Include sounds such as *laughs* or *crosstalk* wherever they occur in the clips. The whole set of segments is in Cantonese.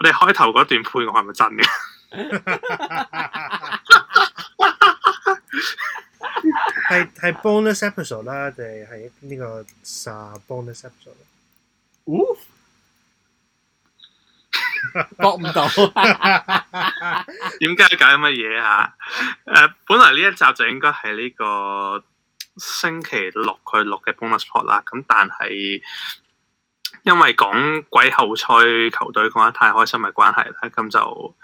我哋開頭嗰段配我係咪真嘅？係係 bonus episode 啦，定係呢個 bonus episode？唔，播唔到？點解搞咁乜嘢啊？誒，本來呢一集就應該係呢個星期六佢錄嘅 bonus part 啦，咁但係，因為講季後賽球隊講得太開心嘅關係啦，咁就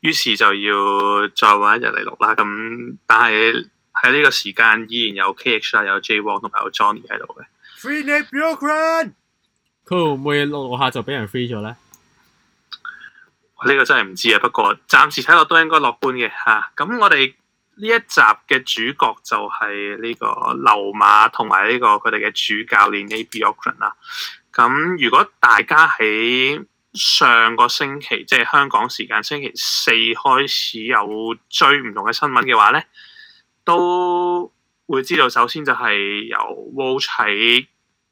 於是就要再玩一日嚟錄啦。咁但係喺呢個時間依然有 KH 啊，有 JWong 同埋有 Johnny 喺度嘅。會唔會下就俾人 free 咗咧？我呢個真係唔知啊。不過暫時睇落都應該樂觀嘅吓。咁、啊、我哋呢一集嘅主角就係呢個溜馬同埋呢個佢哋嘅主教練 Bjorkgren 咁如果大家喺上個星期，即係香港時間星期四開始有追唔同嘅新聞嘅話呢都會知道首先就係由 Walt 喺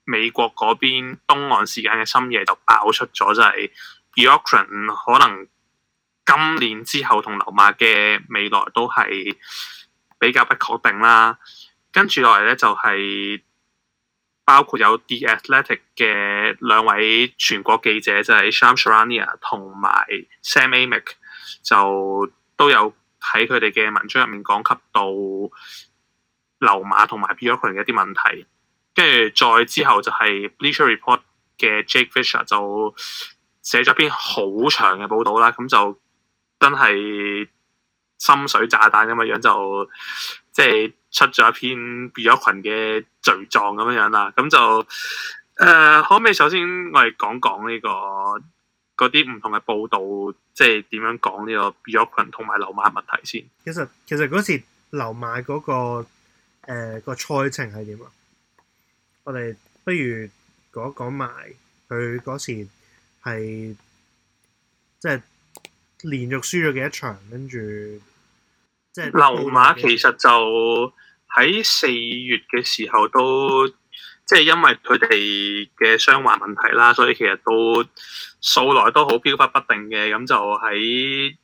美國嗰邊東岸時間嘅深夜就爆出咗，就係 Bjorkgren 可能今年之後同溜馬嘅未來都係比較不確定啦。跟住落嚟呢就係。包括有 The Athletic 嘅兩位全國記者就係、是、Sham Sharania 同埋 Sam Amick 就都有喺佢哋嘅文章入面講及到流馬同埋 Bjorkgren 一啲問題，跟住再之後就係 Bleacher Report 嘅 Jake Fisher 就寫咗篇好長嘅報道啦，咁就真係深水炸彈咁嘅樣就即係。就是出咗一篇 Bjorkgren 嘅罪狀咁樣樣啦，咁就誒，呃、可唔可以首先我哋講講呢個嗰啲唔同嘅報道，即係點樣講呢個 Bjorkgren 同埋溜馬問題先。其實其實嗰時溜馬嗰、那個誒、呃那個賽程係點啊？我哋不如講一講埋佢嗰時係即係連續輸咗幾多場，跟住即係溜馬其實就。喺四月嘅時候都即係因為佢哋嘅傷患問題啦，所以其實都數來都好飄忽不定嘅。咁就喺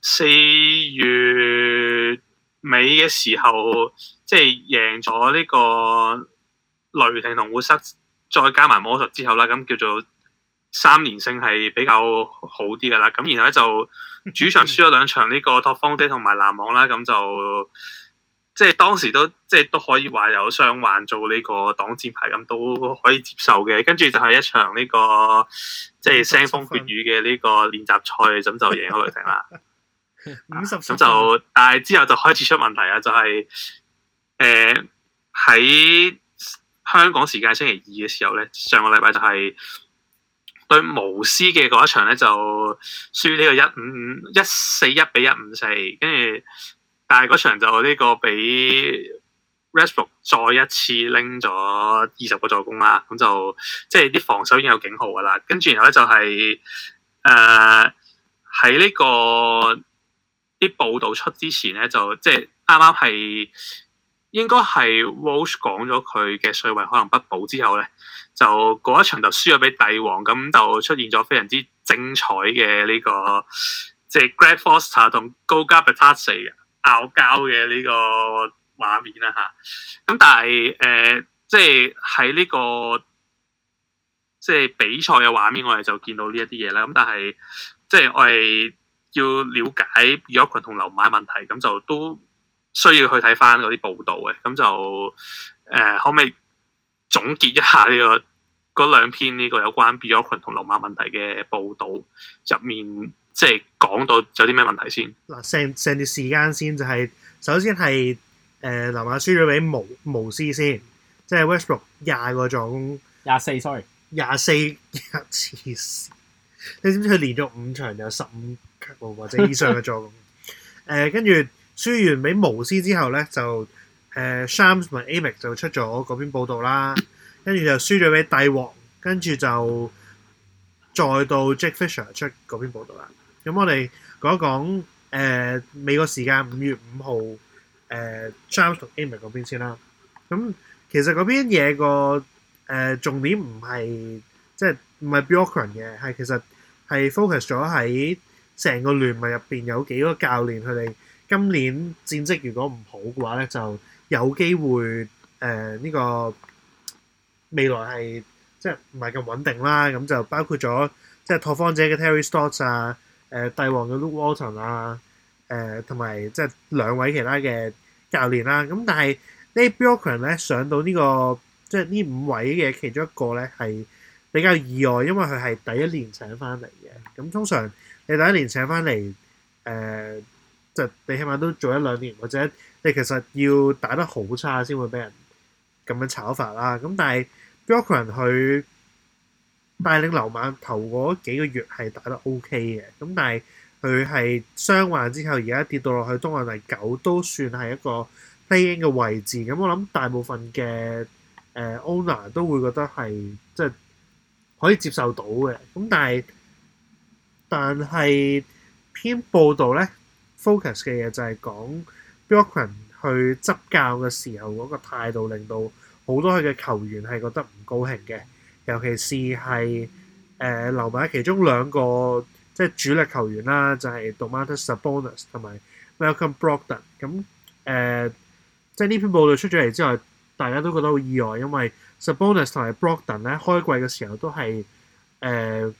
四月尾嘅時候，即係贏咗呢個雷霆同活塞，再加埋魔術之後啦，咁叫做三連勝係比較好啲噶啦。咁然後咧就主場輸咗兩場呢 *laughs* 個拓荒者同埋籃網啦，咁就。即係當時都即係都可以話有傷患做呢個擋箭牌咁都可以接受嘅，跟住就係一場呢、這個即係腥風血雨嘅呢個練習賽，咁就贏咗雷霆啦。五十咁就， *laughs* 嗯、但係之後就開始出問題喇！就係誒喺香港時間星期二嘅時候咧，上個禮拜就係、是、對巫師嘅嗰一場咧就輸呢個一五五一四一比一五四，跟住。但係嗰場就呢個俾 Westbrook、ok、再一次拎咗二十個助攻啦，咁就即係啲防守已經有警號噶啦。跟住然後咧就係誒喺呢個啲報導出之前咧，就即係啱啱係應該係 Walsh 講咗佢嘅帥位可能不保之後咧，就嗰一場就輸咗俾帝王，咁就出現咗非常之精彩嘅呢、呢個即係 Greg Foster 同高加 Bitadze 嘅鬧交嘅呢個畫面啦嚇，咁但係誒、呃，即係喺呢個即係比賽嘅畫面，我哋就見到呢一啲嘢啦。咁但係即係我哋要了解 Bjorkgren 同溜馬問題，咁就都需要去睇翻嗰啲報道嘅。咁就誒、呃，可唔可以總結一下呢、這個嗰兩篇呢個有關 Bjorkgren 同溜馬問題嘅報道入面？即係講到有啲咩問題先？嗱，成段時間先、就是，就係首先係誒，溜馬輸咗俾巫巫師先，即係 Westbrook、ok、廿個助攻，廿四 sorry，廿四一次。你知唔知佢連續五場有十五球或者以上嘅助攻？誒、 *laughs* 呃，跟住輸完俾巫師之後咧，就誒、呃、Shams 同埋 Amick 就出咗嗰篇報道啦，跟住就輸咗俾帝王，跟住就。再到 Jack Fisher 出嗰篇報導啦，咁我哋講一講誒美國時間五月五號誒 Charles 同 Amy 嗰邊先啦。咁其實嗰邊嘢個誒重點唔係，即係唔係 Bjorkgren 嘅，係其實係 focus 咗喺成個聯盟入邊有幾個教練，佢哋今年戰績如果唔好嘅話咧，就有機會誒呢個未來係。即係唔係咁穩定啦，咁就包括咗即係拓荒者嘅 Terry Stotts 啊，誒、呃、帝王嘅 Luke Walton 啊，誒同埋即係兩位其他嘅教練啦。咁但係呢 Bjorkgren 咧，上到呢、呢個即係呢五位嘅其中一個咧，係比較意外，因為佢係第一年請翻嚟嘅。咁通常你第一年請翻嚟，即就你起碼都做一兩年，或者你其實要打得好差先會俾人咁樣炒法啦。咁但係 Bjorkgren 佢帶領溜馬頭嗰幾個月係打得 OK 嘅，咁但係佢係傷患之後，而家跌到落去東岸第九都算係一個 play-in 嘅位置。咁我諗大部分嘅誒 owner 都會覺得係即係可以接受到嘅。咁但係但係篇報導咧 focus 嘅嘢就係講 Bjorkgren 去執教嘅時候嗰個態度令到好多佢嘅球員係覺得唔高興嘅，尤其是係誒溜馬其中兩個即係主力球員啦，就係、是、Domantas Sabonis 同埋 Malcolm Brogdon。咁、嗯、誒、呃，即係呢篇報導出咗嚟之後，大家都覺得好意外，因為 Sabonis 同埋 Brogdon 咧開季嘅時候都係誒、呃、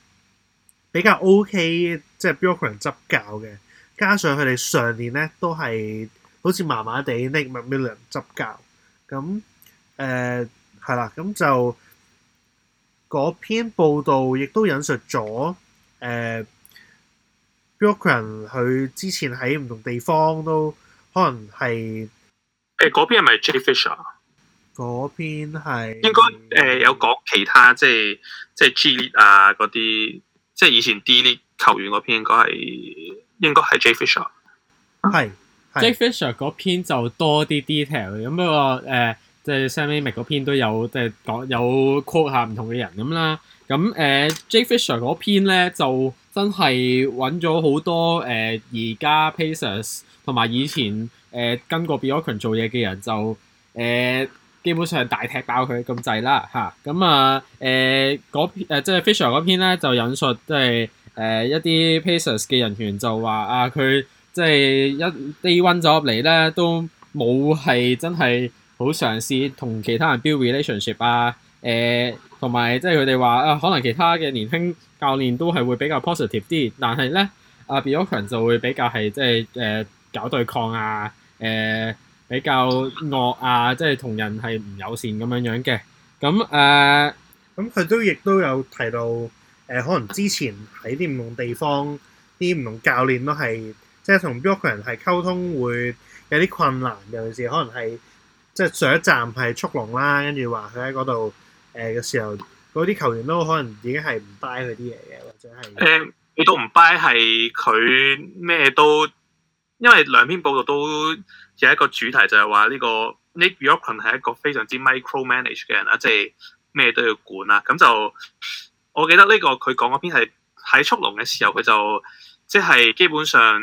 比較 O、OK, K，即係 Bjorkgren 執教嘅，加上佢哋上年咧都係好似麻麻地 Nick McMillan 執教咁。嗯誒係啦，咁、uh, 就嗰篇報道亦都引述咗誒、uh,，Bjorkgren 佢之前喺唔同地方都可能係誒嗰篇係咪 Jake Fisher、呃、啊？嗰篇係應該有講其他即係即係 G 力啊嗰啲，即係以前 D 力球員嗰篇應該係應該係 Jake Fisher 係 Jake Fisher 嗰篇就多啲 detail 咁不過誒。呃即係 Sammy Mac 嗰篇都有，即係講有 quote 下唔同嘅人咁啦。咁誒，J. Fisher 嗰篇咧就真係揾咗好多誒，而、呃、家 Pacers 同埋以前誒、呃、跟過 Bjorkgren 做嘢嘅人就誒、呃，基本上大踢爆佢咁滯啦嚇。咁啊誒嗰即係 Fisher 嗰篇咧、呃就是、就引述即係誒一啲 Pacers 嘅人員就話啊，佢即係一低溫咗入嚟咧都冇係真係。好嘗試同其他人 build relationship 啊，誒、呃，同埋即係佢哋話啊，可能其他嘅年輕教練都係會比較 positive 啲，但係咧啊，Bjorkgren、ok、就會比較係即係誒搞對抗啊，誒、呃、比較惡啊，即係同人係唔友善咁樣樣嘅。咁、嗯、誒，咁佢都亦都有提到誒、呃，可能之前喺啲唔同地方啲唔同教練都係即係同 Bjorkgren 係溝通會有啲困難，尤其是可能係。即係上一站係速龍啦，跟住話佢喺嗰度誒嘅時候，嗰啲球員都可能已經係唔 buy 佢啲嘢嘅，或者係誒、嗯、你都唔 buy 係佢咩都，因為兩篇報道都有一個主題就係話呢個 Nate Bjorkgren 係一個非常之 micro manage 嘅人啦，即係咩都要管啦。咁就我記得呢、這個佢講嗰篇係喺速龍嘅時候，佢就即係基本上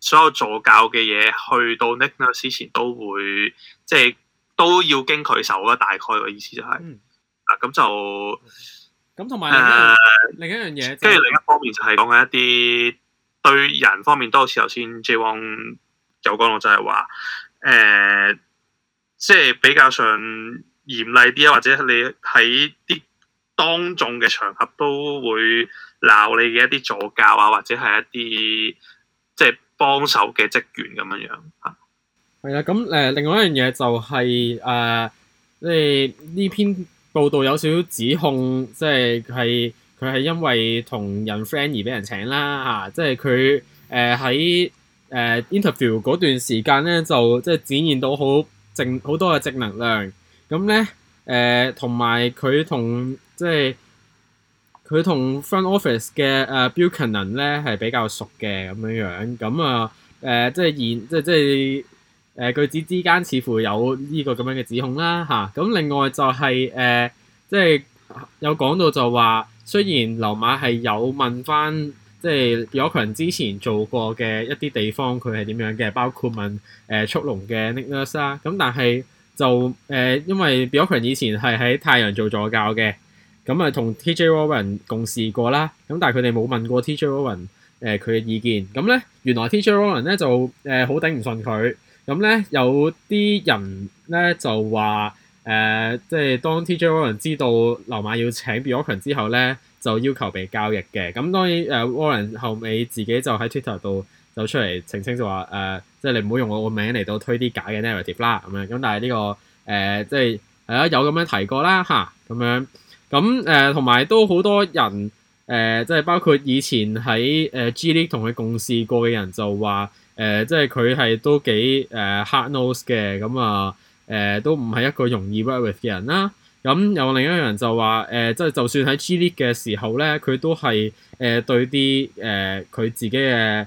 所有助教嘅嘢去到 Nate 嗰之前都會即係。都要經佢手啦，大概嘅意思就係、是，嗱咁、嗯啊、就咁同埋另一樣嘢，跟住、呃、另一方面就係、是、講緊一啲對人方面都好似頭先 J 王有講到就係話，誒即係比較上嚴厲啲啊，或者你喺啲當眾嘅場合都會鬧你嘅一啲助教啊，或者係一啲即係幫手嘅職員咁樣樣嚇。啊。係啦，咁誒、呃，另外一樣嘢就係、是、誒，即係呢篇報道有少少指控，即係係佢係因為同人 friend 而俾人請啦嚇、啊，即係佢誒喺、呃、誒、呃、interview 嗰段時間咧，就即係展現到好正好多嘅正能量。咁咧誒，同埋佢同即係佢同 front office 嘅誒 Buchanan 咧係比較熟嘅咁樣樣，咁啊誒，即係現即即係。誒、呃、句子之間似乎有呢個咁樣嘅指控啦嚇。咁、啊嗯、另外就係、是、誒、呃，即係有講到就話，雖然溜馬係有問翻即係 Bjorkgren 之前做過嘅一啲地方，佢係點樣嘅，包括問誒速、呃、龍嘅 Nick Nurse 啦、啊。咁但係就誒、呃，因為 Bjorkgren 以前係喺太陽做助教嘅，咁啊同 T.J. Warren 共事過啦。咁、啊、但係佢哋冇問過 T.J. Warren 誒、呃、佢嘅意見。咁、啊、咧原來 T.J. Warren 咧就誒好、呃、頂唔順佢。咁咧有啲人咧就話誒、呃，即係當 T.J. Warren 知道溜馬要請 Bjorkgren 之後咧，就要求被交易嘅。咁當然誒、呃，Warren 後尾自己就喺 Twitter 度就出嚟澄清，就話誒，即係你唔好用我個名嚟到推啲假嘅 narrative 啦咁樣。咁但係、這、呢個誒、呃，即係係啦，有咁樣提過啦嚇咁樣。咁誒同埋都好多人誒、呃，即係包括以前喺誒 G League 同佢共事過嘅人就話。誒、呃、即係佢係都幾誒、uh, hard nose 嘅，咁啊誒都唔係一個容易 work with 嘅人啦。咁有另一個人就話誒、呃，即係就算喺 G League 嘅時候咧，佢都係誒、呃、對啲誒佢自己嘅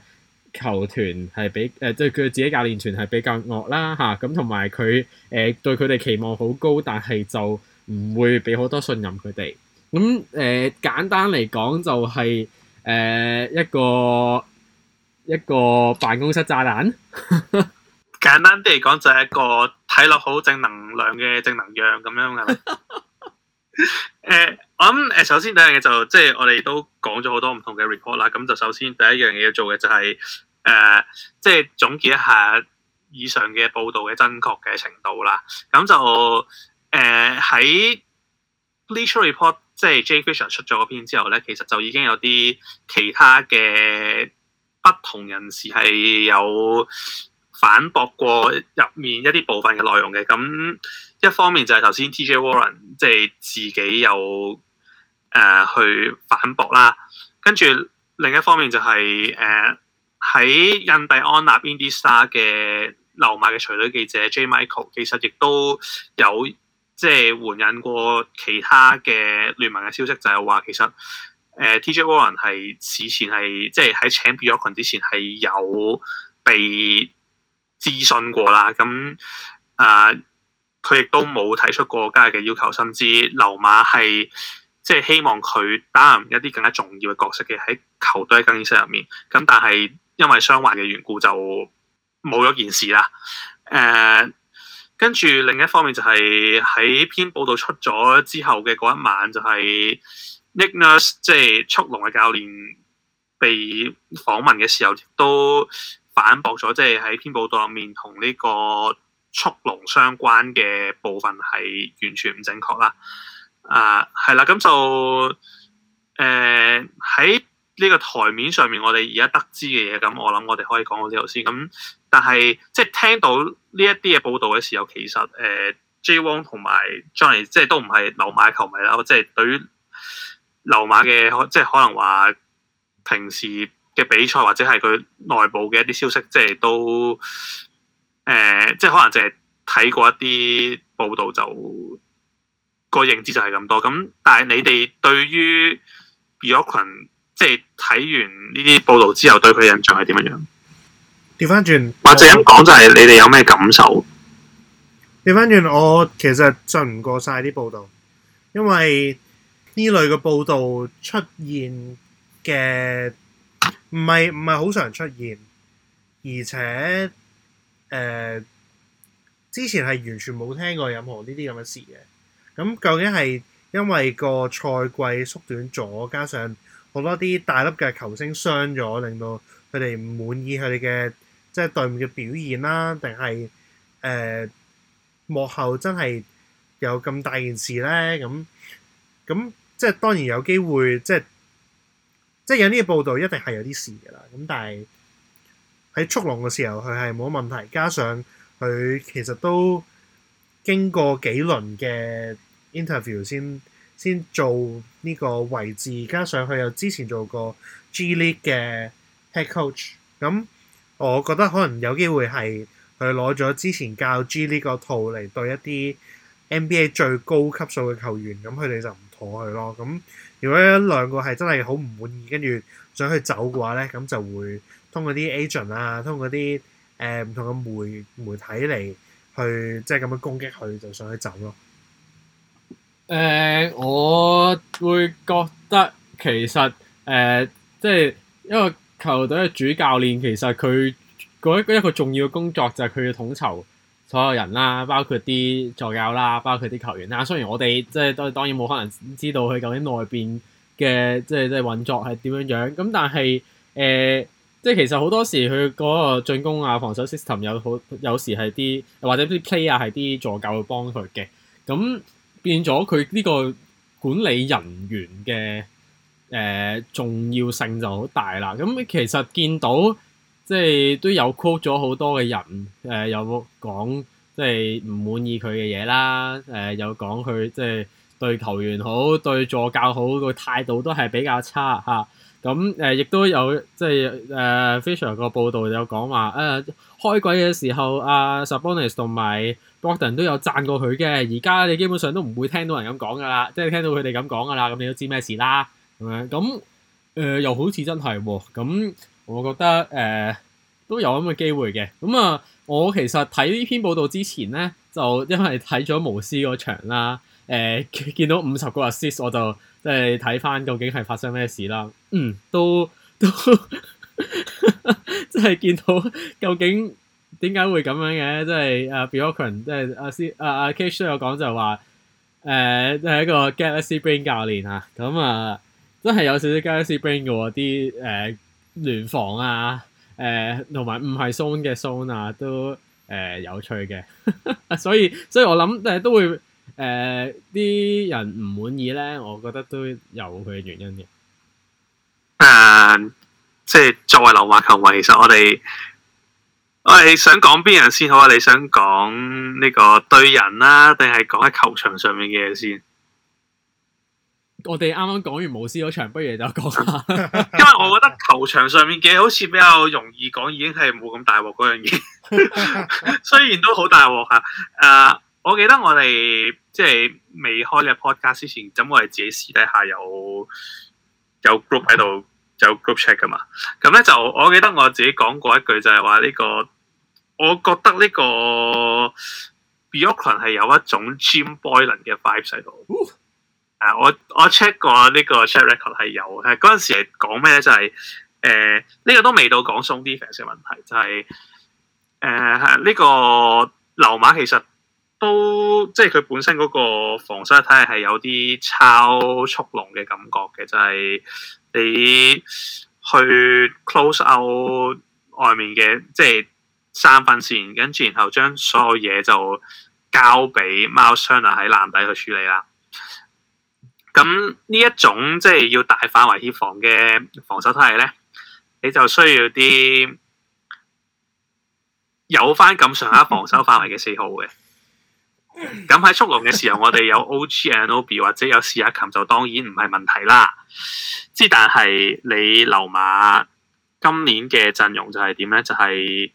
球團係比誒、呃、即係佢自己教練團係比較惡啦吓，咁同埋佢誒對佢哋期望好高，但係就唔會俾好多信任佢哋。咁誒、呃、簡單嚟講就係、是、誒、呃、一個。一個辦公室炸彈， *laughs* 簡單啲嚟講就係一個睇落好正能量嘅正能量咁樣嘅。誒、 *laughs* 呃，我諗誒，首先第一樣嘢就即係我哋都講咗好多唔同嘅 report 啦。咁就首先第一樣嘢要做嘅就係、是、誒、呃，即係總結一下以上嘅報道嘅真確嘅程度啦。咁就誒喺 literary report，即係 Jay Fisher 出咗篇之後咧，其實就已經有啲其他嘅。不同人士係有反駁過入面一啲部分嘅內容嘅，咁一方面就係頭先 TJ Warren 即係自己有誒、呃、去反駁啦，跟住另一方面就係誒喺印第安納 Indiana 嘅溜馬嘅隨隊記者 J Michael 其實亦都有即係援引過其他嘅聯盟嘅消息，就係、是、話其實。誒、uh,，TJ Warren 係此前係即係喺請 Bjorkgren 之前係、就是、有被諮詢過啦，咁啊，佢、uh, 亦都冇提出過今嘅要求，甚至溜馬係即係希望佢擔任一啲更加重要嘅角色嘅喺球隊喺更衣室入面，咁但係因為傷患嘅緣故就冇咗件事啦。誒，跟住另一方面就係喺篇報道出咗之後嘅嗰一晚就係、是。尼克 Nick Nurse 即係速龍嘅教練，被訪問嘅時候亦都反駁咗，即係喺篇報道入面同呢個速龍相關嘅部分係完全唔正確啦。啊，係啦，咁就誒喺呢個台面上面，我哋而家得知嘅嘢，咁我諗我哋可以講到呢度先。咁但係即係聽到呢一啲嘅報道嘅時候，其實誒、呃、J. Wong 同埋 Johnny 即係都唔係溜馬球迷啦，即、就、係、是、對於。流馬嘅即係可能話平時嘅比賽或者係佢內部嘅一啲消息，即係都誒、呃，即係可能就係睇過一啲報道就個認知就係咁多。咁但係你哋對於 u f 群即係睇完呢啲報道之後，對佢印象係點樣？調翻轉，或者咁講就係你哋有咩感受？調翻轉，我其實信唔過晒啲報道，因為。呢類嘅報導出現嘅唔係唔係好常出現，而且誒、呃、之前係完全冇聽過任何呢啲咁嘅事嘅。咁究竟係因為個賽季縮短咗，加上好多啲大粒嘅球星傷咗，令到佢哋唔滿意佢哋嘅即係隊伍嘅表現啦，定係誒幕後真係有咁大件事咧？咁咁。即係當然有機會，即係即係有呢個報道一定係有啲事㗎啦。咁但係喺速龍嘅時候，佢係冇乜問題。加上佢其實都經過幾輪嘅 interview 先先做呢個位置，加上佢又之前做過 G League 嘅 head coach。咁我覺得可能有機會係佢攞咗之前教 G League 呢個套嚟，對一啲 NBA 最高級數嘅球員，咁佢哋就過去咯，咁如果兩個係真係好唔滿意，跟住想去走嘅話咧，咁就會通過啲 agent 啊，通過啲誒唔同嘅媒媒體嚟去，即係咁樣攻擊佢，就想去走咯。誒，我會覺得其實誒，即係一個球隊嘅主教練，其實佢嗰一個一個重要嘅工作就係佢嘅統籌。所有人啦，包括啲助教啦，包括啲球員啦。雖然我哋即係都當然冇可能知道佢究竟內邊嘅即係即係運作係點樣樣咁，但係誒、呃、即係其實好多時佢嗰個進攻啊、防守 system 有好有時係啲或者啲 player 係啲助教去幫佢嘅，咁變咗佢呢個管理人員嘅誒、呃、重要性就好大啦。咁其實見到。即係都有 quote 咗好多嘅人，誒、呃、有講即係唔滿意佢嘅嘢啦，誒、呃、有講佢即係對球員好、對助教好，個態度都係比較差嚇。咁誒亦都有即係誒，Fisher 個報導有講話誒、呃、開季嘅時候，阿 Sabonis 同埋 Brogdon 都有贊過佢嘅。而家你基本上都唔會聽到人咁講噶啦，即係聽到佢哋咁講噶啦，咁你都知咩事啦咁樣。咁、呃、誒、呃、又好似真係喎咁。我覺得誒、呃、都有咁嘅機會嘅，咁啊，我其實睇呢篇報道之前咧，就因為睇咗巫師嗰場啦，誒、呃、見到五十個 assist，我就即係睇返究竟係發生咩事啦。嗯，都都即係 *laughs* 見到究竟點解會咁樣嘅，即係啊 Billiken，即係阿師啊啊 Kitch 都有講就話即係一個 Galaxy Brain 教練啊，咁啊真係有少少 Galaxy Brain 嘅喎啲誒。聯防啊，誒、呃，同埋唔係 zone 嘅 zone 啊，都誒、呃、有趣嘅， *laughs* 所以所以我諗誒、呃、都會誒啲、呃、人唔滿意咧，我覺得都有佢嘅原因嘅。誒、呃，即、就、係、是、作為溜馬球迷，其實我哋我係想講邊人先好啊？你想講呢個對人啦、啊，定係講喺球場上面嘅嘢先？我哋啱啱講完巫師嗰場，不如就講下， *laughs* 因為我覺得球場上面嘅好似比較容易講，已經係冇咁大鑊嗰樣嘢。 *laughs* 雖然都好大鑊吓，誒、uh，我記得我哋即係未開呢個 podcast 之前，咁我哋自己私底下有有 group 喺度，有 group check 㗎嘛。咁咧就我記得我自己講過一句，就係話呢個，我覺得呢個 Bjorkgren 係有一種 Jim Boylen 嘅 vibe 喺度。 *laughs* 我我 check 過呢個 check record 係有，係嗰陣時係講咩咧？就係誒呢個都未到講鬆啲嘅問題，就係誒呢個溜馬其實都即係佢本身個防守體系係有啲抄速龍嘅感覺嘅，就係、是、你去 close out 外面嘅即係三分線，跟住然後將所有嘢就交俾 Myles Turner 喺籃底去處理啦。咁呢一種即係要大範圍協防嘅防守體系咧，你就需要啲有翻咁上下防守範圍嘅四號嘅。咁喺 *laughs* 速龍嘅時候，我哋有 O.G. and O.B. 或者有史亞琴，就當然唔係問題啦。之但係你溜馬今年嘅陣容就係點咧？就係、是、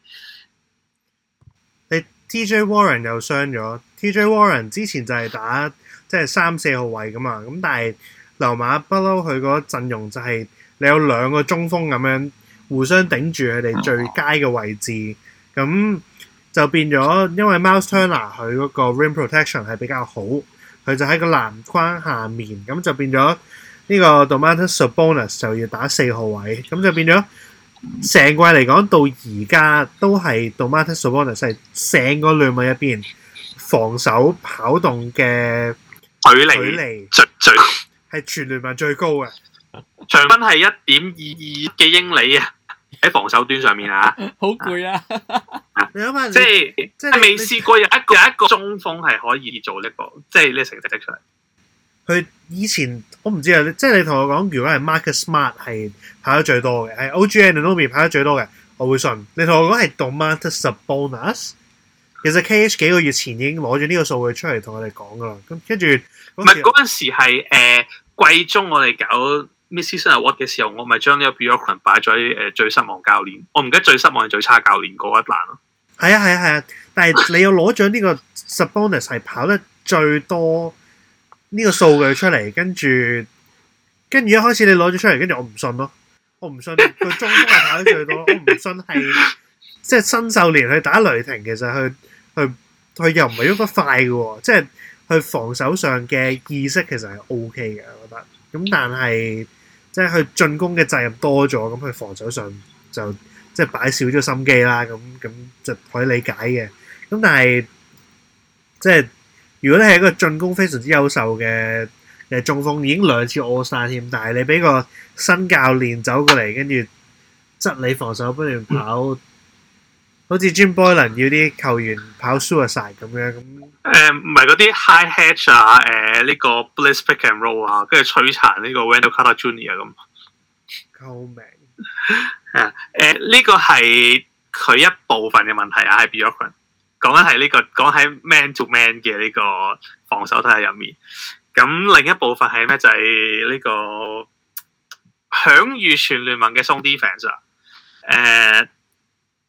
你 T.J. Warren 又傷咗。T.J. Warren 之前就係打。 *laughs* 即係三四號位咁嘛，咁但係溜馬不嬲，佢嗰陣容就係你有兩個中鋒咁樣互相頂住佢哋最佳嘅位置，咁 *noise* 就變咗，因為 Myles Turner 佢嗰個 rim protection 係比較好，佢就喺個籃框下面，咁就變咗呢個 Domantas Sabonis 就要打四號位，咁就變咗成季嚟講到而家都係 Domantas Sabonis 係成個聯盟入邊防守跑動嘅。距離最最係全聯盟最高嘅，場分係一點二二嘅英里 *laughs* 啊！喺防守端上面啊，好攰啊！即你即係即係未試過有一個有 *laughs* 一個中鋒係可以做呢、這個，即係呢成績出嚟。佢以前我唔知啊，即係你同我講，如果係 Marcus Smart 係跑得最多嘅，係 OG Anunoby o An 跑得最多嘅，我會信。你同我講係 Domantas Sabonis。其實 KH 幾個月前已經攞咗呢個數據出嚟同我哋講噶啦，咁跟住唔係嗰陣時係誒季中我哋搞 Mission Award 嘅時候，我咪將呢個 Bjorkgren 擺咗喺誒最失望教練，我唔記得最失望係最差教練嗰一欄咯。係啊係啊係啊，但係你又攞咗呢個 Sabonis 係跑得最多呢個數據出嚟，跟住跟住一開始你攞咗出嚟，跟住我唔信咯，我唔信佢 *laughs* 中鋒係跑得最多，我唔信係即係新秀年去打雷霆，其實去。佢佢又唔係喐得快嘅。哦，即係佢防守上嘅意識其實係 O K 嘅，我覺得。咁但係即係佢進攻嘅責任多咗，咁佢防守上就即係擺少咗心機啦。咁咁就可以理解嘅。咁但係即係如果你係一個進攻非常之優秀嘅誒中鋒已經兩次 All Star 添，但係你俾個新教練走過嚟，跟住執你防守不斷跑。嗯好似 Jim Boylan 要啲球員跑 suicide 咁樣咁、呃、誒唔係啲 high hedge 啊誒呢、呃這個 bliss pick and roll 啊跟住摧殘呢個 Wendell Carter Junior 咁，救命誒誒呢個係佢一部分嘅問題啊，係 Bjorkgren 講緊，係呢個講喺 man to man 嘅呢個防守體系入面，咁另一部分係咩就係、是、呢、這個享譽全聯盟嘅 zone defense 啊誒、呃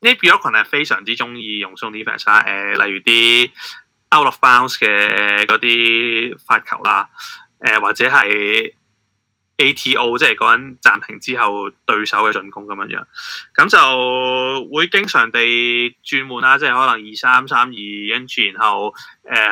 呢邊嗰群係非常之中意用送點發沙，誒、啊、例如啲 out of bounds 嘅嗰啲發球啦，誒、啊、或者係 ATO，即係嗰陣暫停之後對手嘅進攻咁樣樣，咁、啊、就會經常地轉換啦、啊，即係可能二三三二跟住然後誒、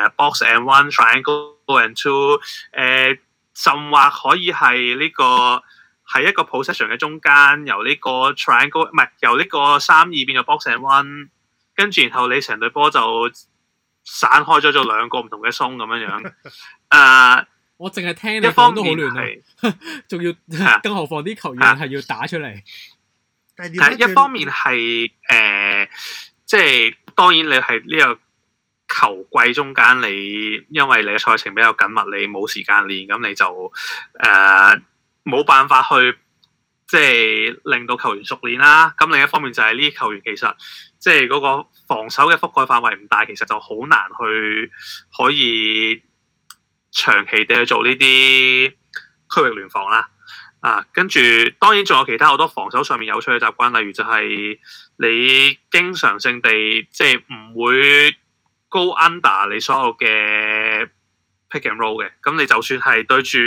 啊、box and one triangle and two，誒、啊、甚或可以係呢、這個。係一個 position 嘅中間，由呢個 triangle 唔、呃、係由呢個三二變咗 box and one，跟住然後你成隊波就散開咗做兩個唔同嘅 zone 咁樣樣。誒 *laughs* 、呃，我淨係聽，一方面都好亂仲是要，啊、更何況啲球員係要打出嚟。啊、但係一方面係誒，即、呃、係、就是、當然你係呢個球季中間你，你因為你嘅賽程比較緊密，你冇時間練，咁你就誒。呃冇辦法去即係令到球員熟練啦、啊。咁另一方面就係呢啲球員其實即係嗰個防守嘅覆蓋範圍唔大，其實就好難去可以長期地去做呢啲區域聯防啦、啊。啊，跟住當然仲有其他好多防守上面有趣嘅習慣，例如就係你經常性地即係唔會 go under 你所有嘅 pick and roll 嘅。咁你就算係對住。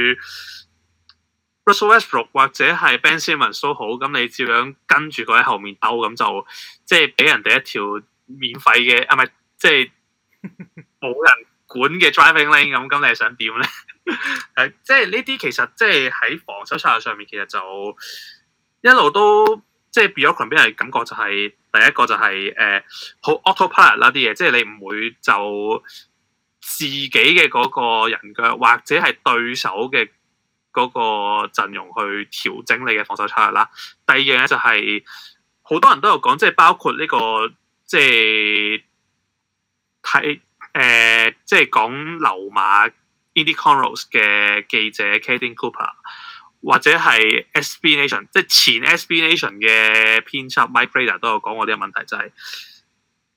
Russell Westbrook 或者係 Ben Simmons 都好，咁你照樣跟住佢喺後面兜，咁就即係俾人哋一條免費嘅啊，唔係即係冇人管嘅 driving lane，咁咁你係想點咧？誒、 *laughs* 啊，即係呢啲其實即係喺防守策略上面，其實就一路都即係 Bjorkgren 俾人感覺就係、是、第一個就係、是、誒好、呃、autopilot 啦啲嘢，即係你唔會就自己嘅嗰個人腳或者係對手嘅。嗰個陣容去調整你嘅防守策略啦。第二樣就係、是、好多人都有講，即係包括呢、這個即係睇誒，即係講、呃、流馬 Indy Cornrows 嘅記者 Caitlin Cooper，或者係 SB Nation，即係前 SB Nation 嘅編輯 Mike Prada 都有講過呢個問題，就係、是。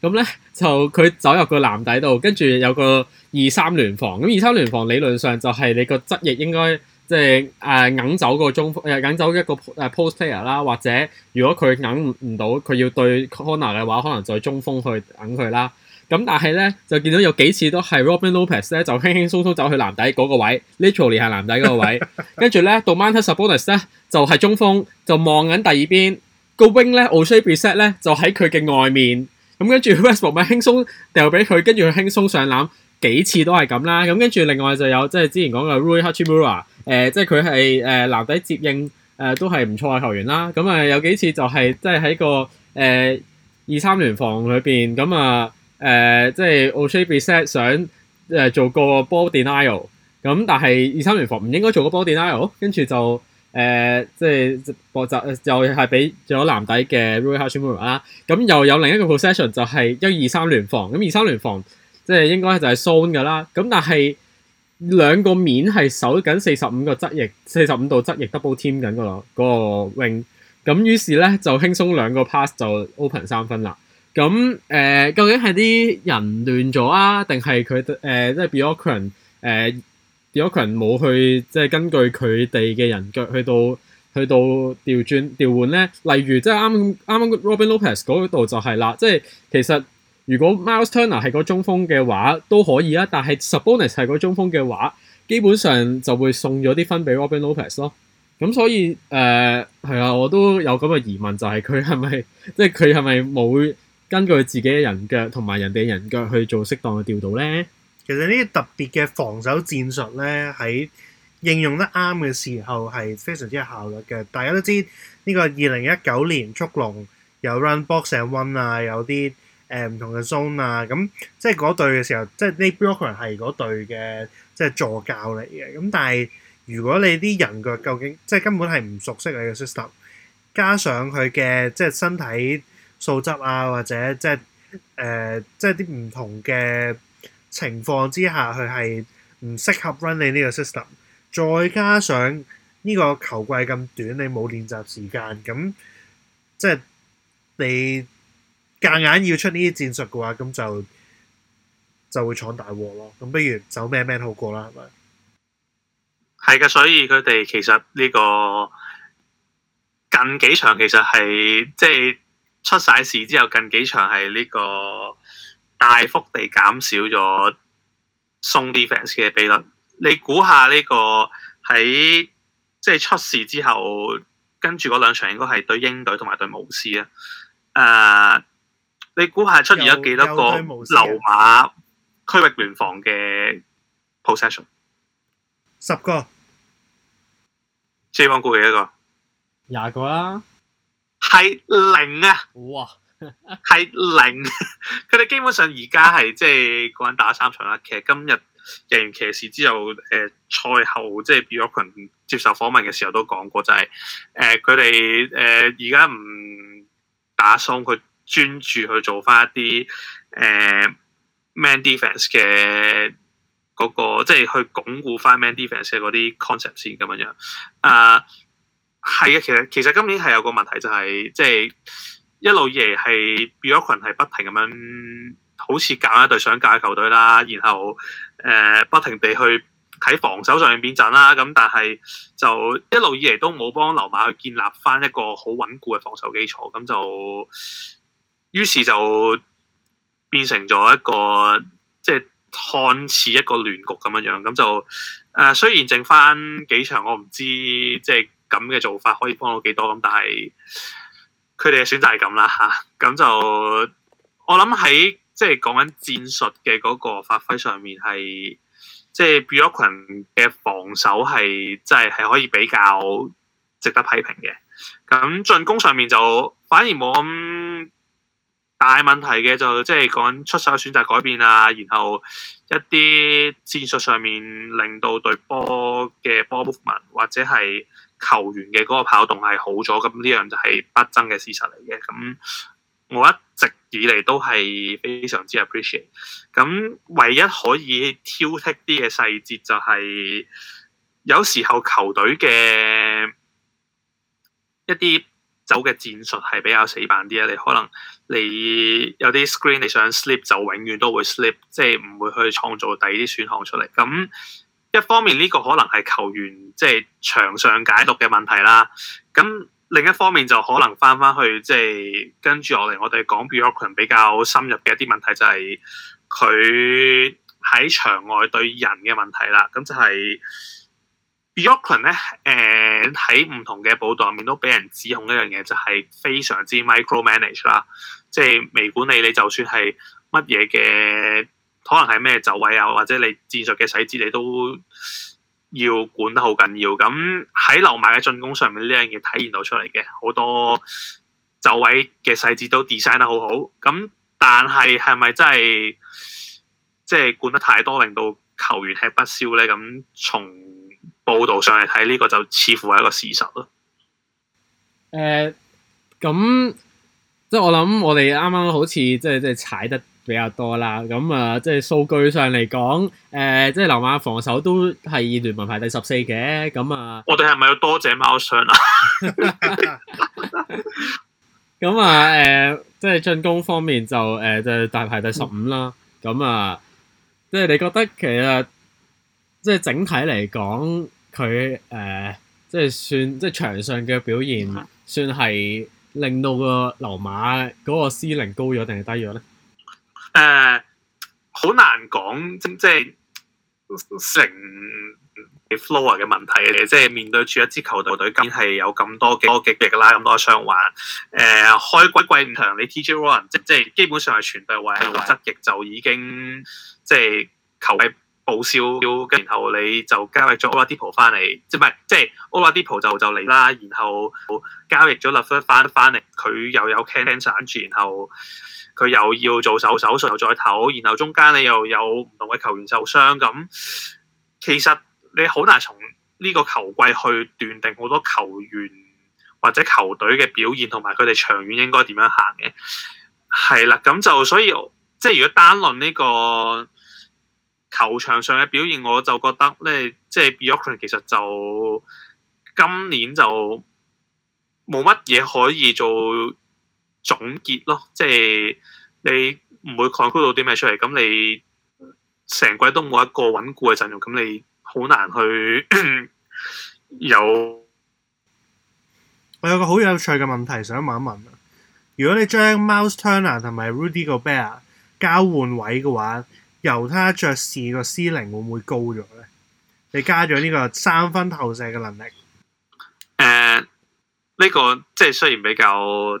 咁咧就佢走入個籃底度，跟住有個二三聯防。咁二三聯防理論上就係你個側翼應該即係誒揞走個中鋒誒揞、呃、走一個誒 post player 啦。或者如果佢揞唔到，佢要對 corner 嘅話，可能再中鋒去揞佢啦。咁但係咧就見到有幾次都係 Robin Lopez 咧就輕輕鬆鬆走去籃底嗰個位，literally 係籃底嗰個位。跟住咧，Domantas Sabonis 咧就係、是、中鋒，就望緊第二邊個 wing 咧 Oshae Brissett 咧就喺佢嘅外面。咁跟住 Westbrook 咪輕鬆掉俾佢，跟住佢輕鬆上籃幾次都係咁啦。咁跟住另外就有即係之前講嘅 Rui Hachimura，t、呃、即係佢係誒籃底接應、呃，誒都係唔錯嘅球員啦。咁啊有幾次就係、呃啊呃、即係喺個誒二三聯防裏邊，咁啊誒即係 Oshie 被 set 想誒做個 ball denial，咁但係二三聯防唔應該做個 ball denial，跟住就。誒、呃，即係播集又係俾咗南底嘅 Rui Hachimura 啦、啊。咁又有另一個 position 就係一二三聯防。咁二三聯防即係應該就係 zone 嘅啦。咁但係兩個面係守緊四十五個側翼，四十五度側翼 double team 緊個嗰個 wing。咁於是咧就輕鬆兩個 pass 就 open 三分啦。咁、嗯、誒、呃，究竟係啲人亂咗啊，定係佢誒即係 Bjorkgren 如果有群冇去即係根據佢哋嘅人腳去到去到調轉調換咧，例如即係啱啱 Robin Lopez 嗰度就係啦，即係其實如果 Myles Turner 係個中鋒嘅話都可以啊，但係 Sabonis 係個中鋒嘅話，基本上就會送咗啲分俾 Robin Lopez 咯。咁所以誒係、呃、啊，我都有咁嘅疑問，就係佢係咪即係佢係咪冇根據自己嘅人腳同埋人哋嘅人腳去做適當嘅調度咧？其實呢啲特別嘅防守戰術咧，喺應用得啱嘅時候係非常之有效率嘅。大家都知呢、這個二零一九年速龍有 run box and one 啊，有啲誒唔同嘅 zone 啊，咁、嗯、即係嗰隊嘅時候，即係呢 Bjorkgren 係嗰隊嘅即係助教嚟嘅。咁但係如果你啲人腳究竟即係根本係唔熟悉你嘅 system，加上佢嘅即係身體素質啊，或者即係誒、呃、即係啲唔同嘅情況之下，佢係唔適合 run 你呢個 system，再加上呢個球季咁短，你冇練習時間，咁即係你夾硬要出呢啲戰術嘅話，咁就就會闖大禍咯。咁不如走咩咩好過啦，係咪？係㗎，所以佢哋其實呢個近幾場其實係即係出晒事之後，近幾場係呢個。大幅地減少咗 zone defense 嘅比率，你估下呢、這個喺即係出事之後，跟住嗰兩場應該係對英隊同埋對巫師啊？誒、呃，你估下出現咗幾多個流馬區域聯防嘅 possession？十個，J 邦估計一個，廿個啦、啊，係零啊！哇！係零，佢哋基本上而家係即係個人打三場啦。其實今日贏完騎士之後，誒、呃、賽後即係 Brogdon 接受訪問嘅時候都講過，就係誒佢哋誒而家唔打雙，佢專注去做翻一啲誒、呃、man defense 嘅嗰個，即係去鞏固翻 man defense 嘅嗰啲 concept 先咁樣。啊、呃，係啊，其實其實今年係有個問題就係、是、即係。一路以嚟係 Bjorkgren 係不停咁樣，好似教一隊想教嘅球隊啦，然後誒、呃、不停地去喺防守上面變陣啦，咁但係就一路以嚟都冇幫溜馬去建立翻一個好穩固嘅防守基礎，咁、嗯、就於是就變成咗一個即係看似一個亂局咁樣樣，咁、嗯、就誒、呃、雖然剩翻幾場我，我唔知即係咁嘅做法可以幫到幾多咁，但係，佢哋嘅選擇係咁啦嚇，咁、啊、就我諗喺即係講緊戰術嘅嗰個發揮上面係，即係 Bjorkgren 嘅防守係真係係可以比較值得批評嘅。咁進攻上面就反而冇咁大問題嘅，就即係講出手選擇改變啊，然後一啲戰術上面令到隊波嘅 ball movement 或者係。球員嘅嗰個跑動係好咗，咁呢樣就係不爭嘅事實嚟嘅。咁我一直以嚟都係非常之 appreciate。咁唯一可以挑剔啲嘅細節就係、是、有時候球隊嘅一啲走嘅戰術係比較死板啲啊。你可能你有啲 screen，你想 slip 就永遠都會 slip，即係唔會去創造第二啲選項出嚟。咁一方面呢個可能係球員即係場上解讀嘅問題啦，咁另一方面就可能翻翻去即係跟住落嚟，我哋講 Bjorkgren 比較深入嘅一啲問題就係佢喺場外對人嘅問題啦。咁就係 Bjorkgren 咧，誒喺唔同嘅報導入面都俾人指控一樣嘢，就係、是、非常之 micromanage 啦，aged，即係微管理你就算係乜嘢嘅。可能係咩走位啊，或者你戰術嘅細節，你都要管得好緊要。咁喺溜馬嘅進攻上面呢樣嘢體現到出嚟嘅，好多走位嘅細節都 design 得好好。咁但係係咪真係即係管得太多，令到球員吃不消咧？咁從報道上嚟睇，呢、這個就似乎係一個事實咯。誒、呃，咁即係我諗，我哋啱啱好似即係即係踩得比較多啦，咁啊，即係數據上嚟講，誒、呃，即係溜馬防守都係二聯盟排第十四嘅，咁啊，我哋係咪要多謝貓傷啊？咁 *laughs* *laughs* 啊，誒、呃，即係進攻方面就誒、呃，就是、大排第十五啦，咁、嗯、啊，即係你覺得其實即係整體嚟講，佢誒、呃，即係算即係場上嘅表現，算係令到個溜馬嗰個 ceiling 高咗定係低咗咧？誒，好、uh, 難講即即成 flow 嘅問題嚟。即係面對住一支球隊，隊今係有咁多幾多積力啦，咁多傷患。誒、呃，開季唔場你 TJ Warren 即即基本上係全隊位係冇側翼就已經即係球系報銷，然後你就交易咗 Oladipo 翻嚟，即唔係即 Oladipo 就是、就嚟啦，然後交易咗 LeVert 翻翻嚟，佢又有 Cancer，住。然後。佢又要做手手術，又再唞，然後中間你又有唔同嘅球員受傷，咁其實你好難從呢個球季去斷定好多球員或者球隊嘅表現同埋佢哋長遠應該點樣行嘅，係啦，咁就所以即係如果單論呢個球場上嘅表現，我就覺得咧，即係 Bjorkgren 其實就今年就冇乜嘢可以做。總結咯，即係你唔會 conclude 到啲咩出嚟。咁你成季都冇一個穩固嘅陣容，咁你好難去 *coughs* 有。我有個好有趣嘅問題想問一問，如果你將 Myles Turner 同埋 Rudy Gobert 交換位嘅話，猶他爵士個 C 零會唔會高咗咧？你加咗呢個三分投射嘅能力？誒、uh, 這個，呢個即係雖然比較。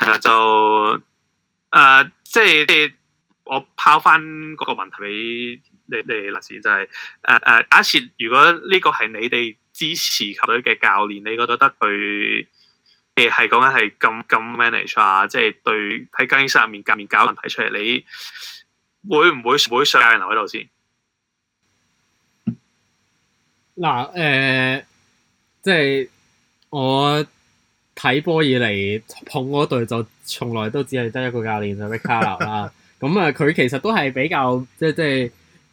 嗯、就誒、呃，即係我拋翻嗰個問題俾你哋律師，就係誒誒，假設如果呢個係你哋支持球隊嘅教練，你覺得佢係係講緊係咁咁 manage 啊，即係對喺更衣室入面夾面搞問題出嚟，你會唔會會上教練留喺度先？嗱誒、呃呃，即係我。睇波以嚟捧嗰隊就從來都只係得一個教練 *laughs* 就係 Rick Carlisle 啦，咁啊佢其實都係比較即係即係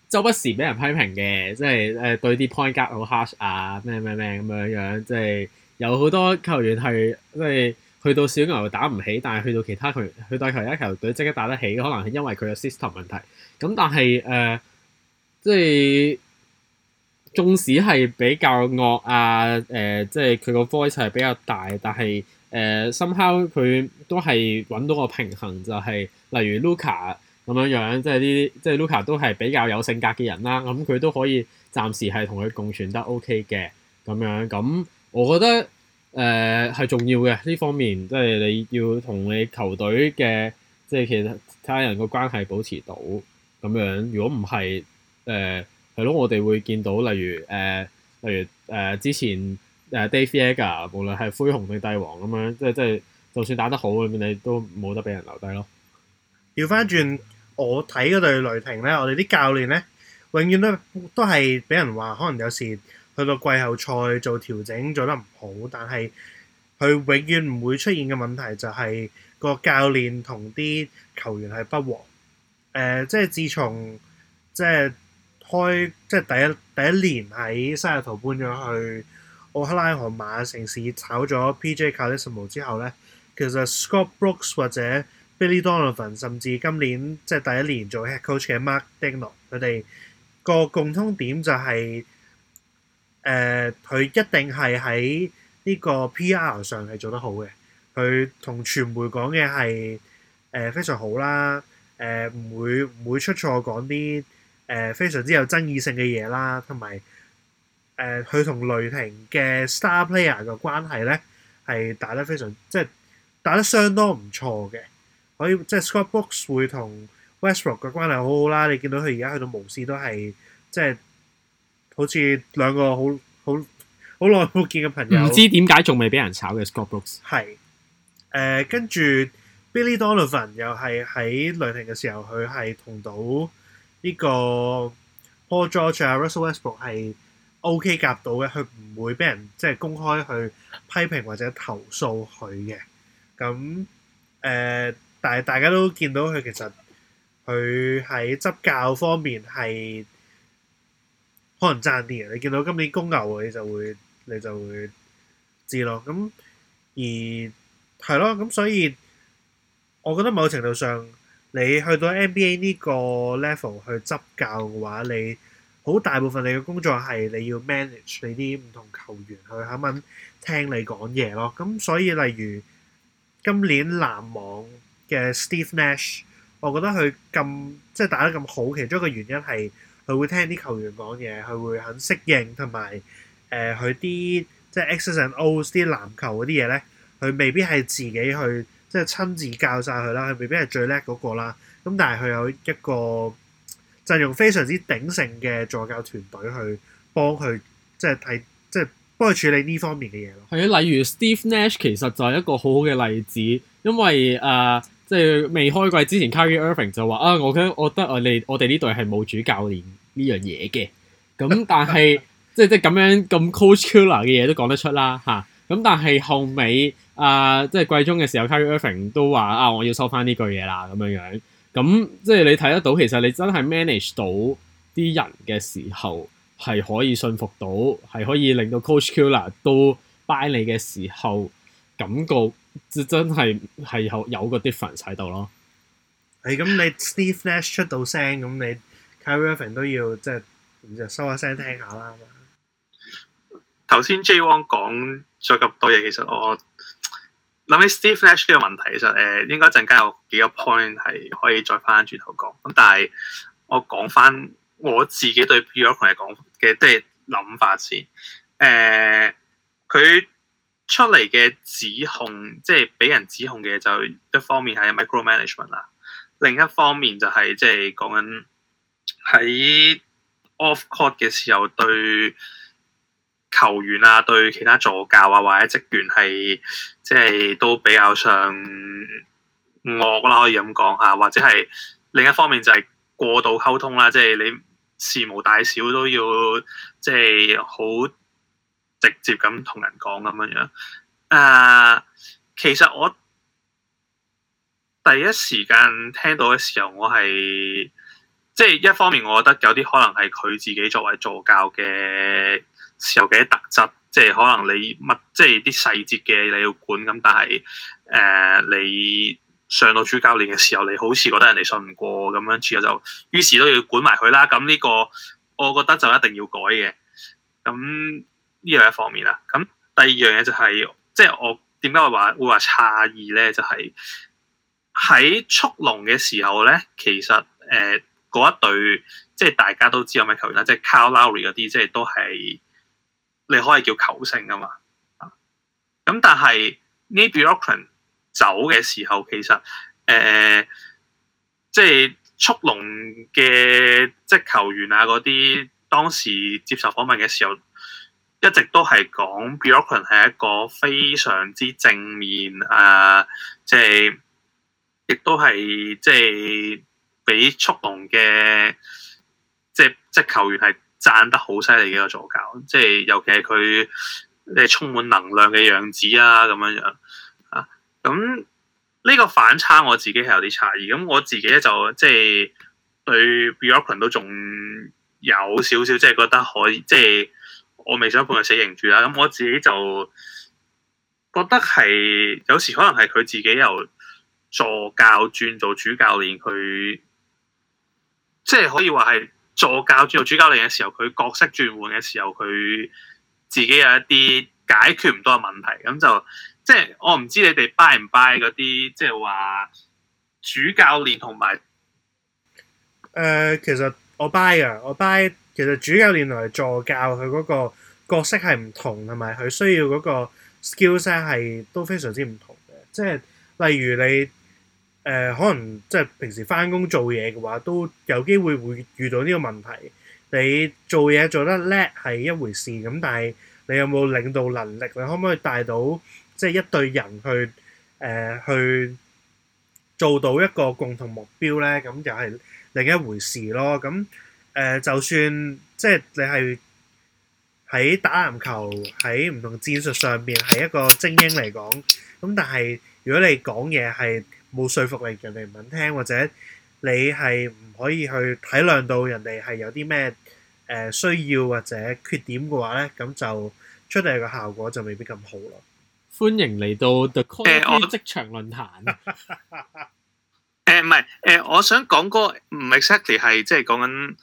周不時俾人批評嘅，即係誒對啲 point guard 好 harsh 啊咩咩咩咁樣樣，即係有好多球員係即係去到小牛打唔起，但係去到其他球員佢去到其他球隊即刻打得起，可能係因為佢嘅 system 問題。咁但係誒即係。呃就是縱使係比較惡啊，誒、呃，即係佢個 voice 係比較大，但係誒，深烤佢都係揾到個平衡，就係、是、例如 Luca 咁樣樣，即係啲即係 Luca 都係比較有性格嘅人啦，咁佢都可以暫時係同佢共存得 OK 嘅咁樣。咁我覺得誒係、呃、重要嘅呢方面，即係你要同你球隊嘅即係其他人個關係保持到咁樣。如果唔係誒，呃係咯，我哋會見到例如誒，例如誒、呃呃，之前誒、呃、Dave Joerger 無論係灰熊定帝王咁樣，即係即係，就算打得好，你都冇得俾人留低咯。調翻轉，我睇嗰隊雷霆咧，我哋啲教練咧，永遠都都係俾人話，可能有時去到季後賽做調整做得唔好，但係佢永遠唔會出現嘅問題就係個教練同啲球員係不和。誒、呃，即係自從即係。開即係第一第一年喺西雅圖搬咗去奧克拉荷馬城市，炒咗 P.J. Carlesimo 之後咧，其實 Scott Brooks 或者 Billy Donovan 甚至今年即係第一年做 head coach 嘅 Mark Daigneault，佢哋個共通點就係誒佢一定係喺呢個 P.R. 上係做得好嘅，佢同傳媒講嘅係誒非常好啦，誒、呃、唔會唔會出錯講啲。誒、呃、非常之有爭議性嘅嘢啦，同埋誒佢同雷霆嘅 star player 嘅關係咧，係打得非常即係打得相當唔錯嘅，可以即係 Scott Brooks 會同 Westbrook、ok、嘅關係好好啦。你見到佢而家去到無線都係即係好似兩個好好好耐冇見嘅朋友，唔知點解仲未俾人炒嘅 Scott Brooks o。係誒跟住 Billy Donovan 又係喺雷霆嘅時候，佢係同到。呢個 Paul George 啊 Russell Westbrook、ok、係 OK 夾到嘅，佢唔會俾人即係公開去批評或者投訴佢嘅。咁誒、呃、但係大家都見到佢其實佢喺執教方面係可能讚啲嘅。你見到今年公牛你，你就會你就會知咯。咁而係咯，咁所以我覺得某程度上。你去到 NBA 呢個 level 去執教嘅話，你好大部分你嘅工作係你要 manage 你啲唔同球員去肯肯聽你講嘢咯。咁所以例如今年籃網嘅 Steve Nash，我覺得佢咁即係打得咁好，其中一個原因係佢會聽啲球員講嘢，佢會肯適應同埋誒佢啲即係 X's and O's 啲籃球嗰啲嘢咧，佢未必係自己去。即係親自教晒佢啦，佢未必係最叻嗰、那個啦。咁但係佢有一個陣容非常之鼎盛嘅助教團隊去幫佢，即係係即係幫佢處理呢方面嘅嘢咯。係啊，例如 Steve Nash 其實就係一個好好嘅例子，因為誒、呃、即係未開季之前，Kyrie Irving 就話啊，我覺得我覺得我哋我哋呢隊係冇主教練呢 *laughs* 樣嘢嘅。咁但係即係即係咁樣咁 Coach Killer 嘅嘢都講得出啦嚇。咁、啊、但係後尾。啊，uh, 即係季中嘅時候 Kyrie Irving 都話：啊，我要收翻呢句嘢啦，咁樣樣。咁即係你睇得到，其實你真係 manage 到啲人嘅時候，係可以信服到，係可以令到 Coach Kula 都 buy 你嘅時候，感覺真真係係有有個 difference 喺度咯。係咁，你 Steve Nash 出到聲，咁你 Kyrie Irving 都要即係收下聲聽，聽下啦。頭先 JWong 講咗咁多嘢，其實我。諗起 Steve Nash 呢個問題，其實誒、呃，應該陣間有幾個 point 係可以再翻轉頭講。咁但係我講翻我自己對 Bjorkgren 嘅講嘅即係諗法先。誒、呃，佢出嚟嘅指控，即係俾人指控嘅，就一方面係 micromanagement 啦，另一方面就係即係講緊喺 off court 嘅時候對。球員啊，對其他助教啊，或者職員係，即係都比較上惡啦、啊，可以咁講吓，或者係另一方面就係過度溝通啦、啊，即係你事無大小都要，即係好直接咁同人講咁樣樣。誒、呃，其實我第一時間聽到嘅時候，我係即係一方面，我覺得有啲可能係佢自己作為助教嘅。有幾多特質，即係可能你乜，即係啲細節嘅你要管咁，但係誒、呃、你上到主教練嘅時候，你好似覺得人哋信唔過咁樣，之後就於是都要管埋佢啦。咁呢個我覺得就一定要改嘅。咁呢樣一方面啦，咁第二樣嘢就係、是、即係我點解話會話差異咧？就係、是、喺速龍嘅時候咧，其實誒嗰、呃、一隊即係大家都知有咩球員啦，即係 Kyle Lowry 嗰啲，即係都係。你可以叫球星啊嘛，咁、嗯、但係呢，Bjorkgren 走嘅時候，其實誒、呃，即係速龍嘅即係球員啊，嗰啲當時接受訪問嘅時候，一直都係講 Bjorkgren 係一個非常之正面誒、呃，即係亦都係即係俾速龍嘅即即球員係。讚得好犀利嘅個助教，即係尤其係佢，你充滿能量嘅樣子啊，咁樣樣啊。咁呢、這個反差我自己係有啲差異。咁我自己咧就即係、就是、對 Bjorkgren 都仲有少少，即、就、係、是、覺得可以。即、就、係、是、我未想判佢死刑住啦。咁我自己就覺得係有時可能係佢自己由助教轉做主教練，佢即係可以話係。助教轉做主教練嘅時候，佢角色轉換嘅時候，佢自己有一啲解決唔到嘅問題，咁就即係我唔知你哋 buy 唔 buy 嗰啲，即係話主教練同埋誒其實我 buy 嘅，我 buy。其實主教練同埋助教佢嗰個角色係唔同，同埋佢需要嗰個 skill set 係都非常之唔同嘅，即係例如你。誒、呃、可能即係平時翻工做嘢嘅話，都有機會會遇到呢個問題。你做嘢做得叻係一回事，咁但係你有冇領導能力，你可唔可以帶到即係一隊人去誒、呃、去做到一個共同目標咧？咁又係另一回事咯。咁誒、呃，就算即係你係喺打籃球喺唔同戰術上邊，係一個精英嚟講。咁但係如果你講嘢係，冇說服力，人哋唔肯聽，或者你係唔可以去體諒到人哋係有啲咩誒需要或者缺點嘅話咧，咁就出嚟嘅效果就未必咁好咯。歡迎嚟到 The Coffee 職、呃、場論壇。誒唔係誒，我想講個唔 exactly 係即係講緊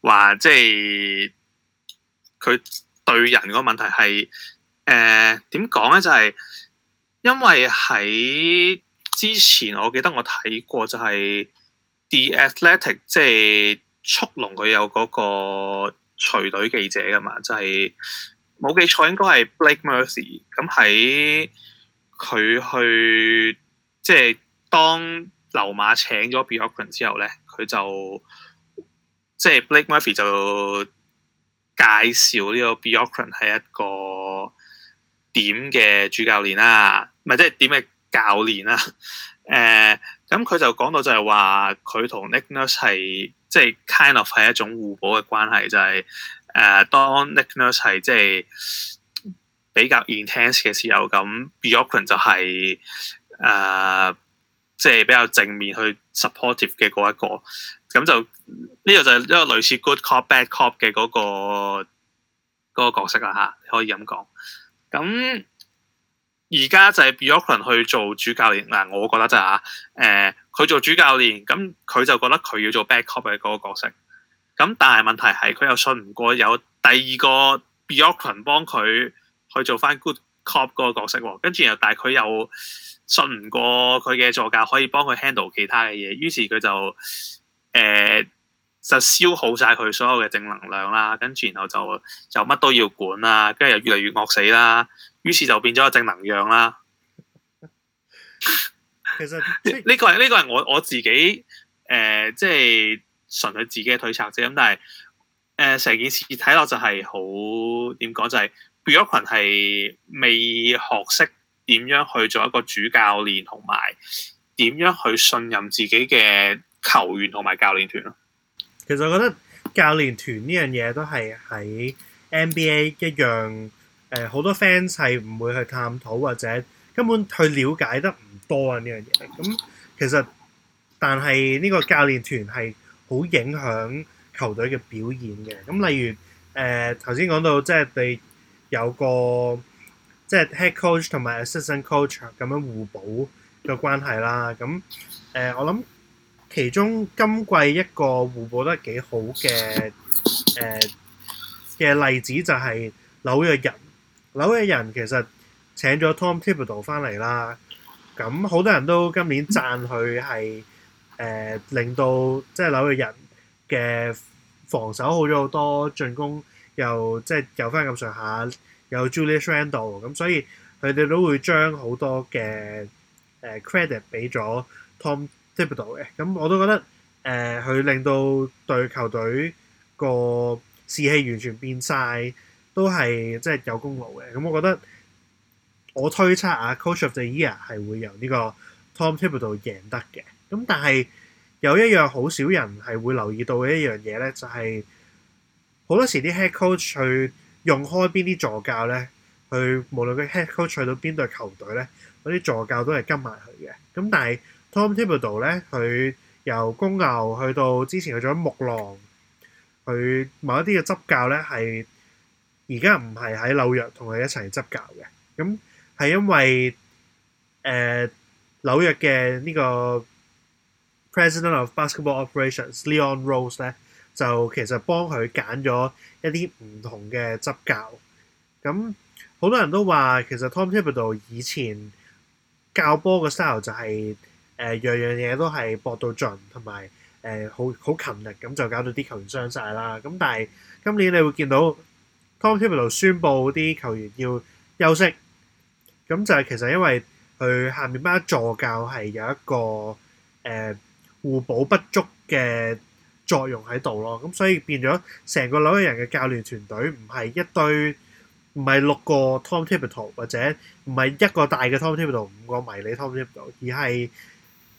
話，即係佢對人嗰個問題係誒點講咧？就係、是、因為喺。之前我記得我睇過就係 The Athletic，即係速龍佢有個隨隊記者噶嘛，就係、是、冇記錯應該係 Blake Murphy。咁喺佢去即係當溜馬請咗 Bjorkgren 之後咧，佢就即係、就是、Blake Murphy 就介紹呢個 Bjorkgren 係一個點嘅主教練啦，唔係即係點嘅。教練啦，誒、呃，咁佢就講到就係話佢同 Nick Nurse 係即係 kind of 係一種互補嘅關係，就係、是、誒、呃、當 Nick Nurse 係即係比較 intense 嘅時候，咁 Bjorkgren 就係誒即係比較正面去 supportive 嘅嗰一個，咁就呢、這個就係一個類似 good cop bad cop 嘅嗰、那個那個角色啦吓、啊，可以咁講，咁、啊。而家就係 Bjorkgren 去做主教練，嗱，我覺得啫、就、嚇、是，誒、呃、佢做主教練，咁佢就覺得佢要做 bad cop 嘅嗰個角色，咁但係問題係佢又信唔過有第二個 Bjorkgren 幫佢去做翻 good cop 嗰個角色喎，跟住又但係佢又信唔過佢嘅助教可以幫佢 handle 其他嘅嘢，於是佢就誒。呃就消耗晒佢所有嘅正能量啦，跟住然後就就乜都要管啦，跟住又越嚟越惡死啦，於是就變咗個正能量啦。 *laughs* 其實呢、 *laughs* 這個係呢、這個係我我自己誒，即、呃、係、就是、純粹自己嘅推測啫。咁但係誒成件事睇落就係好點講就係、是、Bjorkgren 係未學識點樣去做一個主教練，同埋點樣去信任自己嘅球員同埋教練團。咯。其實我覺得教練團呢樣嘢都係喺 NBA 一樣誒，好、呃、多 fans 係唔會去探討或者根本去了解得唔多啊呢樣嘢。咁、嗯、其實但係呢個教練團係好影響球隊嘅表現嘅。咁、嗯、例如誒頭先講到即係你有個即係 head coach 同埋 assistant coach 咁樣互補嘅關係啦。咁、嗯、誒、呃、我諗。其中今季一個互補得幾好嘅誒嘅例子就係紐約人，紐約人其實請咗 Tom Thibodeau 翻嚟啦，咁好多人都今年讚佢係誒令到即係紐約人嘅防守好咗好多，進攻又即係、就是、又翻咁上下，有 Julius Randle，咁所以佢哋都會將好多嘅誒、呃、credit 俾咗 Tom。Thibodeau 嘅，咁、嗯、我都覺得誒，佢、呃、令到對球隊個士氣完全變晒，都係即係有功勞嘅。咁、嗯、我覺得我推測啊，Coach of the Year 係會由呢個 Tom Thibodeau 贏得嘅。咁、嗯、但係有一樣好少人係會留意到嘅一樣嘢咧，就係、是、好多時啲 head coach 去用開邊啲助教咧，去無論佢 head coach 去到邊隊球隊咧，嗰啲助教都係跟埋佢嘅。咁、嗯、但係 Tom Thibodeau 咧，佢由公牛去到之前去咗木狼，佢某一啲嘅執教咧係而家唔係喺紐約同佢一齊執教嘅，咁係因為誒、呃、紐約嘅呢個 President of Basketball Operations Leon Rose 咧，就其實幫佢揀咗一啲唔同嘅執教，咁好多人都話其實 Tom Thibodeau 以前教波嘅 style 就係、是。誒、呃、樣樣嘢都係搏到盡，同埋誒好好勤力，咁就搞到啲球員傷晒啦。咁但係今年你會見到 *music* Tom Thibodeau 宣布啲球員要休息，咁就係其實因為佢下面班助教係有一個誒、呃、互補不足嘅作用喺度咯。咁所以變咗成個紐約人嘅教練團隊唔係一堆，唔係六個 Tom Thibodeau，或者唔係一個大嘅 Tom Thibodeau，五個迷你 Tom Thibodeau，而係，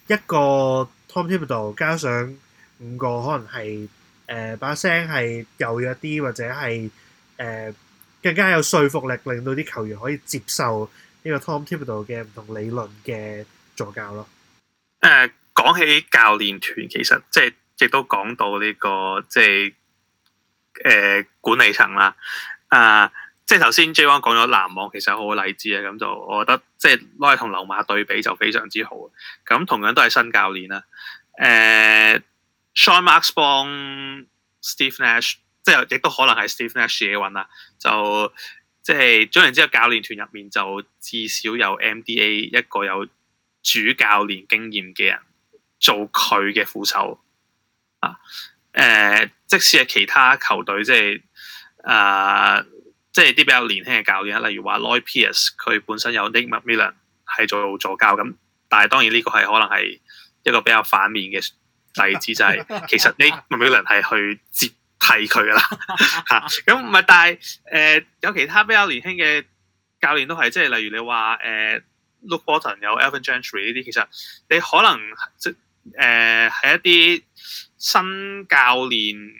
一個 Tom Thibodeau 加上五個可能係誒把聲係柔弱啲或者係誒、呃、更加有說服力，令到啲球員可以接受呢個 Tom Thibodeau 嘅唔同理論嘅助教咯。誒講、呃、起教練團，其實即係亦都講到呢、這個即係誒、呃、管理層啦啊。呃即係頭先 JWong 講咗籃網其實好例子啊，咁就我覺得即係攞嚟同溜馬對比就非常之好。咁同樣都係新教練啦。誒、呃、Sean Marks 幫 Steve Nash，即係亦都可能係 Steve Nash 嘅混啦。就即係總言之，個教練團入面就至少有 MDA 一個有主教練經驗嘅人做佢嘅副手啊。誒、呃，即使係其他球隊即係啊。呃即係啲比較年輕嘅教練，例如話 Lloyd Pierce，佢本身有 Nate McMillan 係做助教咁，但係當然呢個係可能係一個比較反面嘅例子， *laughs* 就係其實 Nate McMillan 係去接替佢噶啦嚇，咁唔係，但係誒、呃、有其他比較年輕嘅教練都係，即係例如你話誒、呃、Luke Walton 有 Alvin Gentry 呢啲，其實你可能即係誒係一啲新教練，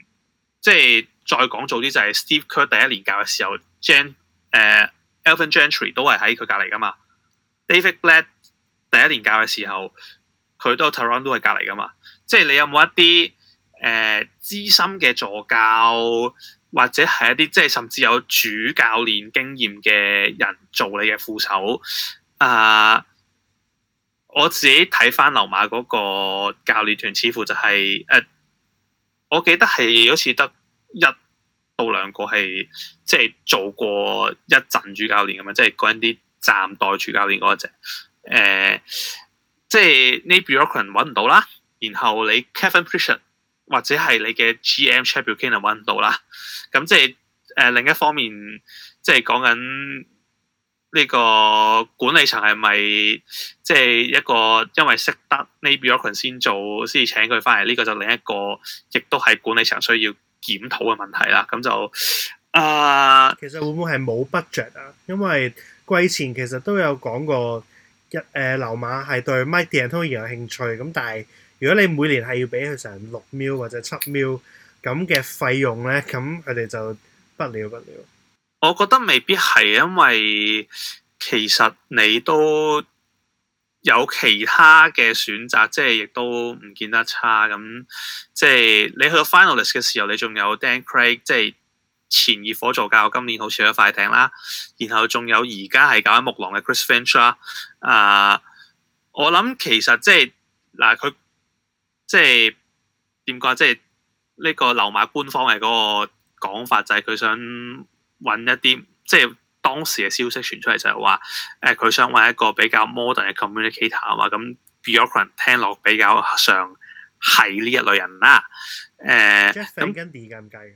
即係。再講早啲就係 Steve Kerr 第一年教嘅時候，Jan 誒、uh, Alvin Gentry 都係喺佢隔籬㗎嘛。David Blatt 第一年教嘅時候，佢都 Toronto 隔籬㗎嘛。即係你有冇一啲誒、uh, 資深嘅助教，或者係一啲即係甚至有主教練經驗嘅人做你嘅副手？啊、uh，我自己睇返溜馬嗰個教練團，似乎就係、是、誒，uh, 我記得係好似得。一到兩個係即係做過一陣主教練咁樣，即係講啲暫代主教練嗰一隻。誒、呃，即、就、係、是、Nate Bjorkgren 揾唔到啦，然後你 Kevin Pritchard 或者係你嘅 GM Chad Buchanan 揾唔到啦。咁即係誒另一方面，即係講緊呢個管理層係咪即係一個因為識得 Nate Bjorkgren 先做才，先至請佢翻嚟？呢個就另一個，亦都係管理層需要檢討嘅問題啦，咁就誒，其實會唔會係冇 budget 啊？因為季前其實都有講過，一誒，溜馬係對 Mike D'Antoni 有興趣，咁但係如果你每年係要俾佢成六 mil 或者七 mil 咁嘅費用咧，咁佢哋就不了不了。我覺得未必係，因為其實你都，有其他嘅選擇，即係亦都唔見得差。咁即係你去到 finalist 嘅時候，你仲有 Dan Craig，即係前熱火助教，今年好似喺快艇啦。然後仲有而家係搞緊木狼嘅 Chris Finch 啦。啊，我諗其實即係嗱，佢即係點講，即係呢個溜馬官方嘅嗰個講法就係佢想揾一啲即係。當時嘅消息傳出嚟就係話，誒、呃、佢想揾一個比較 modern 嘅 communicator 啊嘛，咁 Bjorkgren 聽落比較上係呢一類人啦，誒、呃、咁。Jeff，ing、嗯、跟 D 咁計，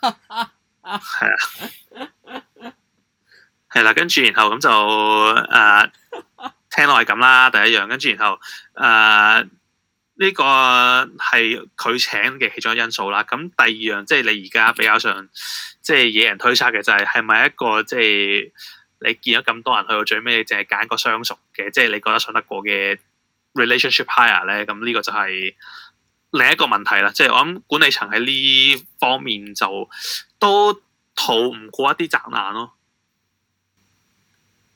係、 *laughs* 嗯、啊，係啦，跟住然後咁就誒、呃、聽落係咁啦，第一樣，跟住然後誒。呃呢個係、啊、佢請嘅其中一因素啦。咁第二樣即係你而家比較上即係惹人推測嘅就係係咪一個即係你見咗咁多人去到最尾，淨係揀個相熟嘅，即係你覺得信得過嘅 relationship hire 咧？咁呢個就係另一個問題啦。即係我諗管理層喺呢方面就都逃唔過一啲責難咯。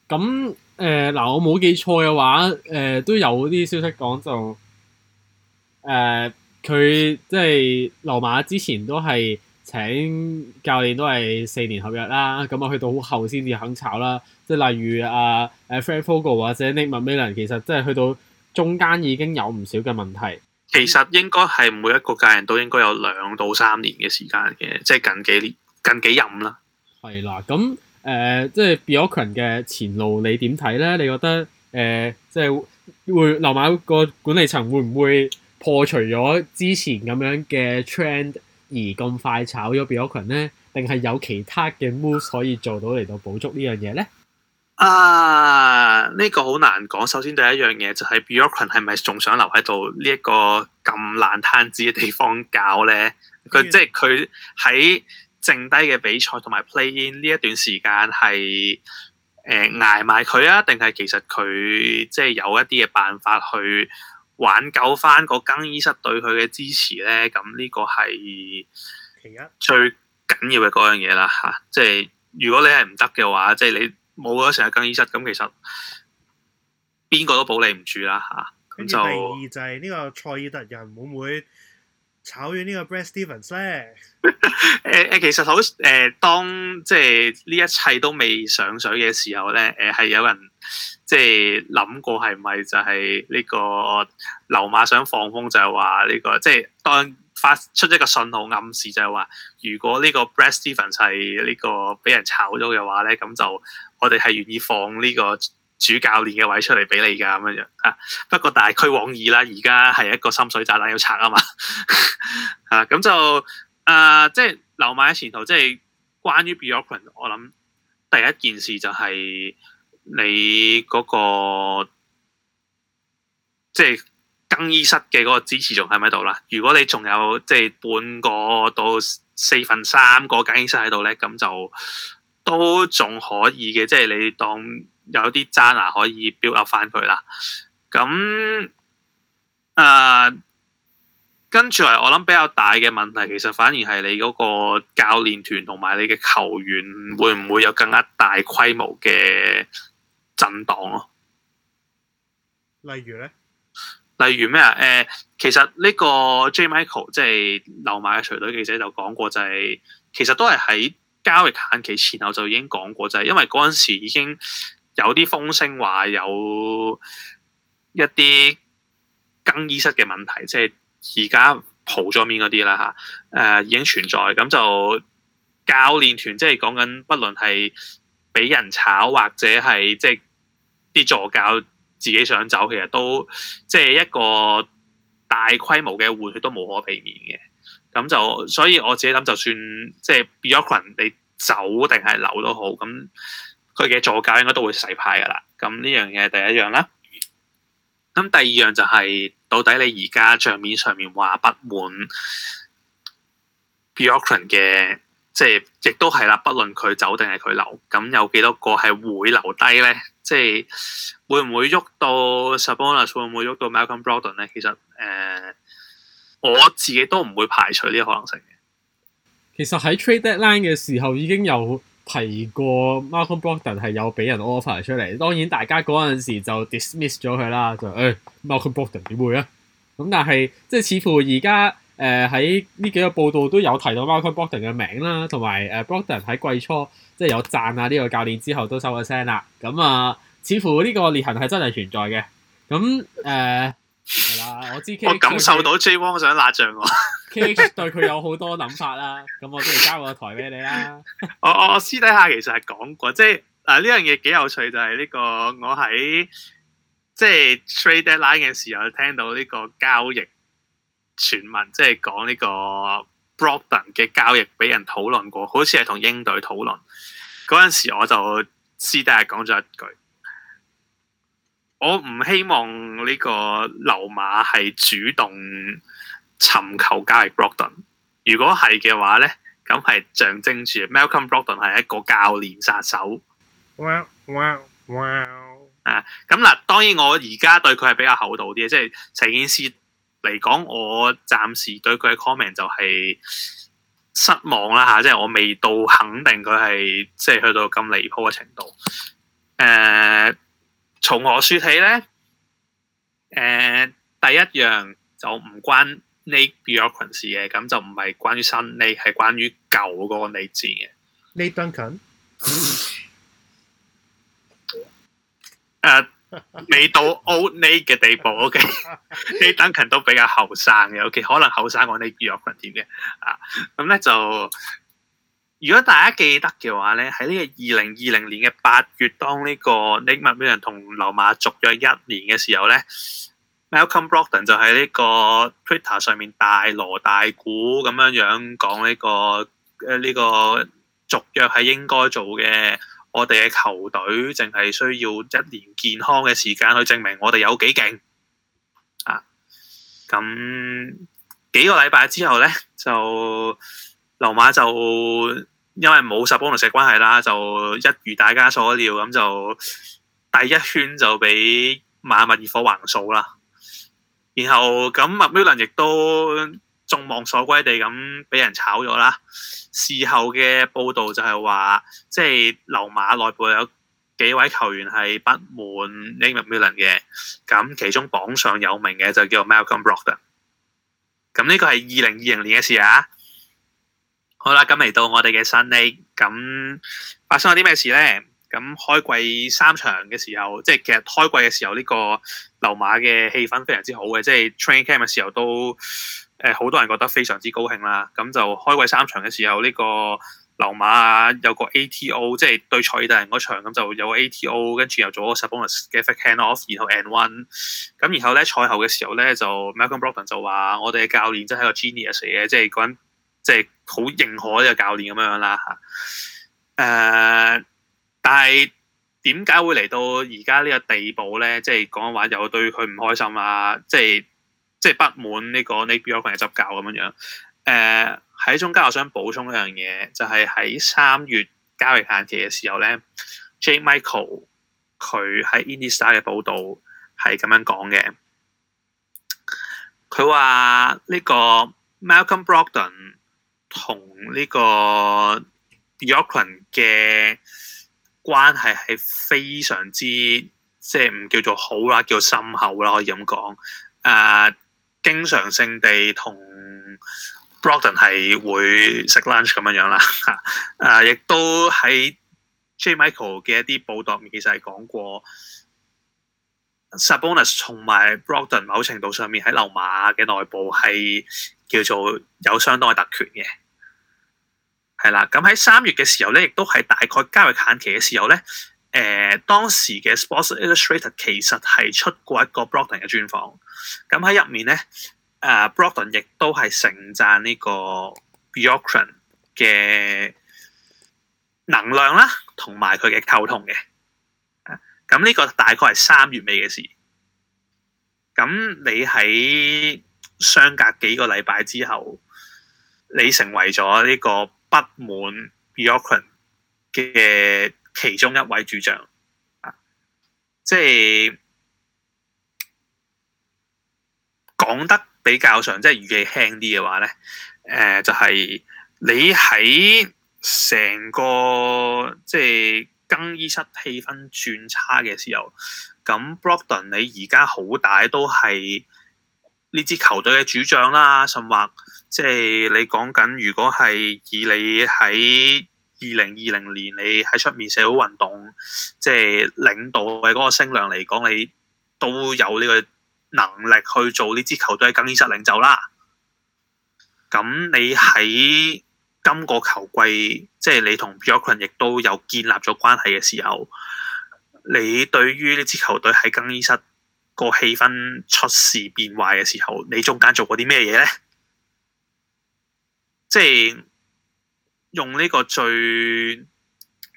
咁誒嗱，我冇記錯嘅話，誒、呃、都有啲消息講就。誒佢、呃、即係溜馬之前都係請教練，都係四年合約啦。咁啊，去到好後先至肯炒啦。即係例如阿誒、啊啊啊、Frank Vogel 或者 Nate McMillan，其實即係去到中間已經有唔少嘅問題。其實應該係每一個教練都應該有兩到三年嘅時間嘅，即係近幾年近幾任啦。係啦，咁誒、呃、即係 Bjorkgren 嘅前路你點睇咧？你覺得誒、呃、即係會溜馬個管理層會唔會？破除咗之前咁樣嘅 trend 而咁快炒咗 Bjorkgren 咧，定係有其他嘅 moves 可以做到嚟到補足呢樣嘢咧？啊，呢個好難講。首先第一樣嘢就係 Bjorkgren 係咪仲想留喺度呢一個咁爛攤子嘅地方搞咧？佢 Okay. 即係佢喺剩低嘅比賽同埋 play in 呢一段時間係誒捱埋佢啊？定係其實佢即係有一啲嘅辦法去？挽救翻個更衣室對佢嘅支持咧，咁呢個係最緊要嘅嗰樣嘢啦嚇。即係如果你係唔得嘅話，即係你冇咗成個更衣室，咁其實邊個都保你唔住啦嚇。咁、啊、就就係、是、呢、這個塞爾特人會唔會炒完呢個 Brad Stevens 咧？誒誒，其實好誒、呃，當即係呢一切都未上水嘅時候咧，誒、呃、係有人。即係諗過係咪就係呢個溜馬想放風，就係話呢個即係當發出一個信號暗示，就係話如果呢個 Brad Stevens 係呢個俾人炒咗嘅話咧，咁就我哋係願意放呢個主教練嘅位出嚟俾你噶咁樣啊。不過大趨往矣啦，而家係一個深水炸彈要拆啊嘛啊，咁 *laughs* 就啊即係溜馬喺前途，即、就、係、是、關於 Bjorkgren 我諗第一件事就係、是。你嗰、嗰個即係更衣室嘅嗰個支持仲喺唔喺度啦？如果你仲有即係半個到四分三個更衣室喺度咧，咁就都仲可以嘅。即係你當有啲揸拿可以 build up 翻佢啦。咁誒，跟住嚟，我諗比較大嘅問題，其實反而係你嗰個教練團同埋你嘅球員會唔會有更加大規模嘅？震盪咯，例如咧，例如咩啊？誒、呃，其實呢個 J Michael 即係溜馬嘅隨隊記者就講過、就是，就係其實都係喺交易限期前後就已經講過、就是，就係因為嗰陣時已經有啲風聲話有一啲更衣室嘅問題，即係而家蒲咗面嗰啲啦吓，誒、呃，已經存在，咁就教練團即係講緊，不論係。俾人炒或者係即係啲助教自己想走，其實都即係一個大規模嘅換血都無可避免嘅。咁就所以我自己諗，就算即係 Bjorkgren 你走定係留都好，咁佢嘅助教應該都會洗牌噶啦。咁呢樣嘢係第一樣啦。咁第二樣就係、是、到底你而家賬面上面話不滿 Bjorkgren 嘅。即係亦都係啦，不論佢走定係佢留，咁有幾多個係會留低咧？即係會唔會喐到 Sabonis？會唔會喐到 Malcolm Brogdon 咧？其實誒、呃，我自己都唔會排除呢個可能性嘅。其實喺 Trade Deadline 嘅時候已經有提過 Malcolm Brogdon 係有俾人 offer 出嚟，當然大家嗰陣時就 dismiss 咗佢啦。就誒、欸、Malcolm Brogdon 點會啊？咁但係即係似乎而家。誒喺呢幾個報道都有提到包括 Malcolm Brogdon 嘅名啦，同埋誒、呃、Brogdon 喺季初即係有讚啊呢個教練之後都收咗聲啦。咁、嗯、啊、呃，似乎呢個裂痕係真係存在嘅。咁誒係啦，我知，我感受到 J 王 KH 想拉仗喎。對佢有好多諗法啦。咁 *laughs* 我都嚟交個台俾你啦我。我我私底下其實係講過，即係嗱呢樣嘢幾有趣，就係、是、呢、這個我喺即係、就是、trade、er、deadline 嘅時候聽到呢個交易。傳聞即係講呢個 Brogdon 嘅交易俾人討論過，好似係同鷹隊討論嗰陣時，我就私底下講咗一句：我唔希望呢個溜馬係主動尋求交易 Brogdon。如果係嘅話咧，咁係象徵住 Malcolm Brogdon 係一個教練殺手。Well, well, well, 誒，咁嗱，啊，當然我而家對佢係比較厚道啲，即係成件事。嚟講，我暫時對佢嘅 comment 就係失望啦，吓，即係我未到肯定佢係即係去到咁離譜嘅程度。誒、呃，從何說起咧？誒、呃，第一樣就唔關呢 Nate 嘅，咁就唔係關於新，係關於舊嗰個你字嘅呢 Nate 未到 old Nate 嘅地步，OK，呢等勤都比較後生嘅，OK，可能後生我哋呢弱群點嘅啊，咁咧就如果大家記得嘅話咧，喺呢個二零二零年嘅八月當呢個 Nate McMillan 同溜馬續約一年嘅時候咧，Malcolm Brogdon 就喺呢個 Twitter 上面大鑼大鼓咁樣樣講呢個誒呢、這個續約係應該做嘅。我哋嘅球隊淨係需要一年健康嘅時間去證明我哋有幾勁啊！咁幾個禮拜之後咧，就溜馬就因為冇十邦同石關係啦，就一如大家所料咁，就第一圈就俾馬密熱火橫掃啦。然後咁麥美倫亦都眾望所歸地咁俾人炒咗啦。事後嘅報道就係話，即係溜馬內部有幾位球員係不滿 McMillan 嘅，咁其中榜上有名嘅就叫 Malcolm Brogdon。咁呢個係二零二零年嘅事啊。好啦，咁嚟到我哋嘅新 A。咁發生咗啲咩事咧？咁開季三場嘅時候，即係其實開季嘅時候，呢個溜馬嘅氣氛非常之好嘅，即係 train camp 嘅時候都。誒好多人覺得非常之高興啦，咁就開季三場嘅時候，呢、這個溜馬啊有個 ATO，即係對賽爾特人嗰場，咁就有 ATO，跟住又做個 Sabonis 嘅 fake handoff，然後 and one，咁然後咧賽後嘅時候咧就 Malcolm Brogdon 就話：我哋嘅教練真係個 genius 嚟嘅，即係講即係好認可呢個教練咁樣樣啦嚇。誒、呃，但係點解會嚟到而家呢個地步咧？即係講話又對佢唔開心啦、啊，即、就、係、是。即係不滿呢個 Bjorkgren 嘅執教咁樣樣，誒、呃、喺中間我想補充一樣嘢，就係喺三月交易限期嘅時候咧 *music* ，J. Michael 佢喺 IndyStar 嘅報導係咁樣講嘅，佢話呢個 Malcolm Brogdon 同呢個 Bjorkgren 嘅關係係非常之即係唔叫做好啦，叫深厚啦可以咁講，誒、呃。經常性地同 Brogdon 係會食 lunch 咁樣樣啦嚇，誒 *laughs* 亦、啊、都喺 J Michael 嘅一啲報道面其實係講過 Sabonis 同埋 Brogdon 某程度上面喺溜馬嘅內部係叫做有相當嘅特權嘅，係啦。咁喺三月嘅時候咧，亦都係大概交易限期嘅時候咧。誒、呃、當時嘅 Sports Illustrated 其實係出過一個 Brogdon 嘅專訪，咁喺入面咧，誒、呃、Brogdon 亦都係盛讚呢個 Bjorkgren 嘅能量啦，同埋佢嘅溝通嘅。咁、啊、呢個大概係三月尾嘅事。咁你喺相隔幾個禮拜之後，你成為咗呢個不滿 Bjorkgren 嘅其中一位主將，啊，即係講得比較上，就是語輕呃就是、即係語氣輕啲嘅話咧，誒就係你喺成個即係更衣室氣氛轉差嘅時候，咁 Brogdon 你而家好大都係呢支球隊嘅主將啦，甚或即係你講緊，如果係以你喺二零二零年，你喺出面社會運動，即係領導嘅嗰個聲量嚟講，你都有呢個能力去做呢支球隊喺更衣室領袖啦。咁你喺今個球季，即係你同 Bjorkgren 亦都有建立咗關係嘅時候，你對於呢支球隊喺更衣室個氣氛出事變壞嘅時候，你中間做過啲咩嘢呢？即係。用呢個最輕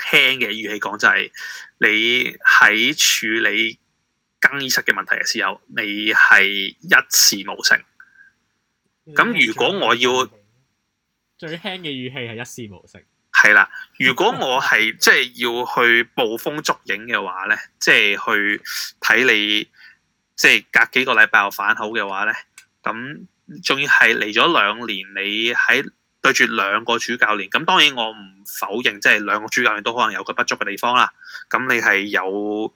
嘅語氣講，就係、是、你喺處理更衣室嘅問題嘅時候，你係一事無成。咁如果我要最輕嘅語氣係一事無成，係 *laughs* 啦。如果我係即係要去捕風捉影嘅話咧，即、就、係、是、去睇你，即、就、係、是、隔幾個禮拜又反口嘅話咧，咁仲要係嚟咗兩年，你喺對住兩個主教練，咁當然我唔否認，即係兩個主教練都可能有個不足嘅地方啦。咁你係有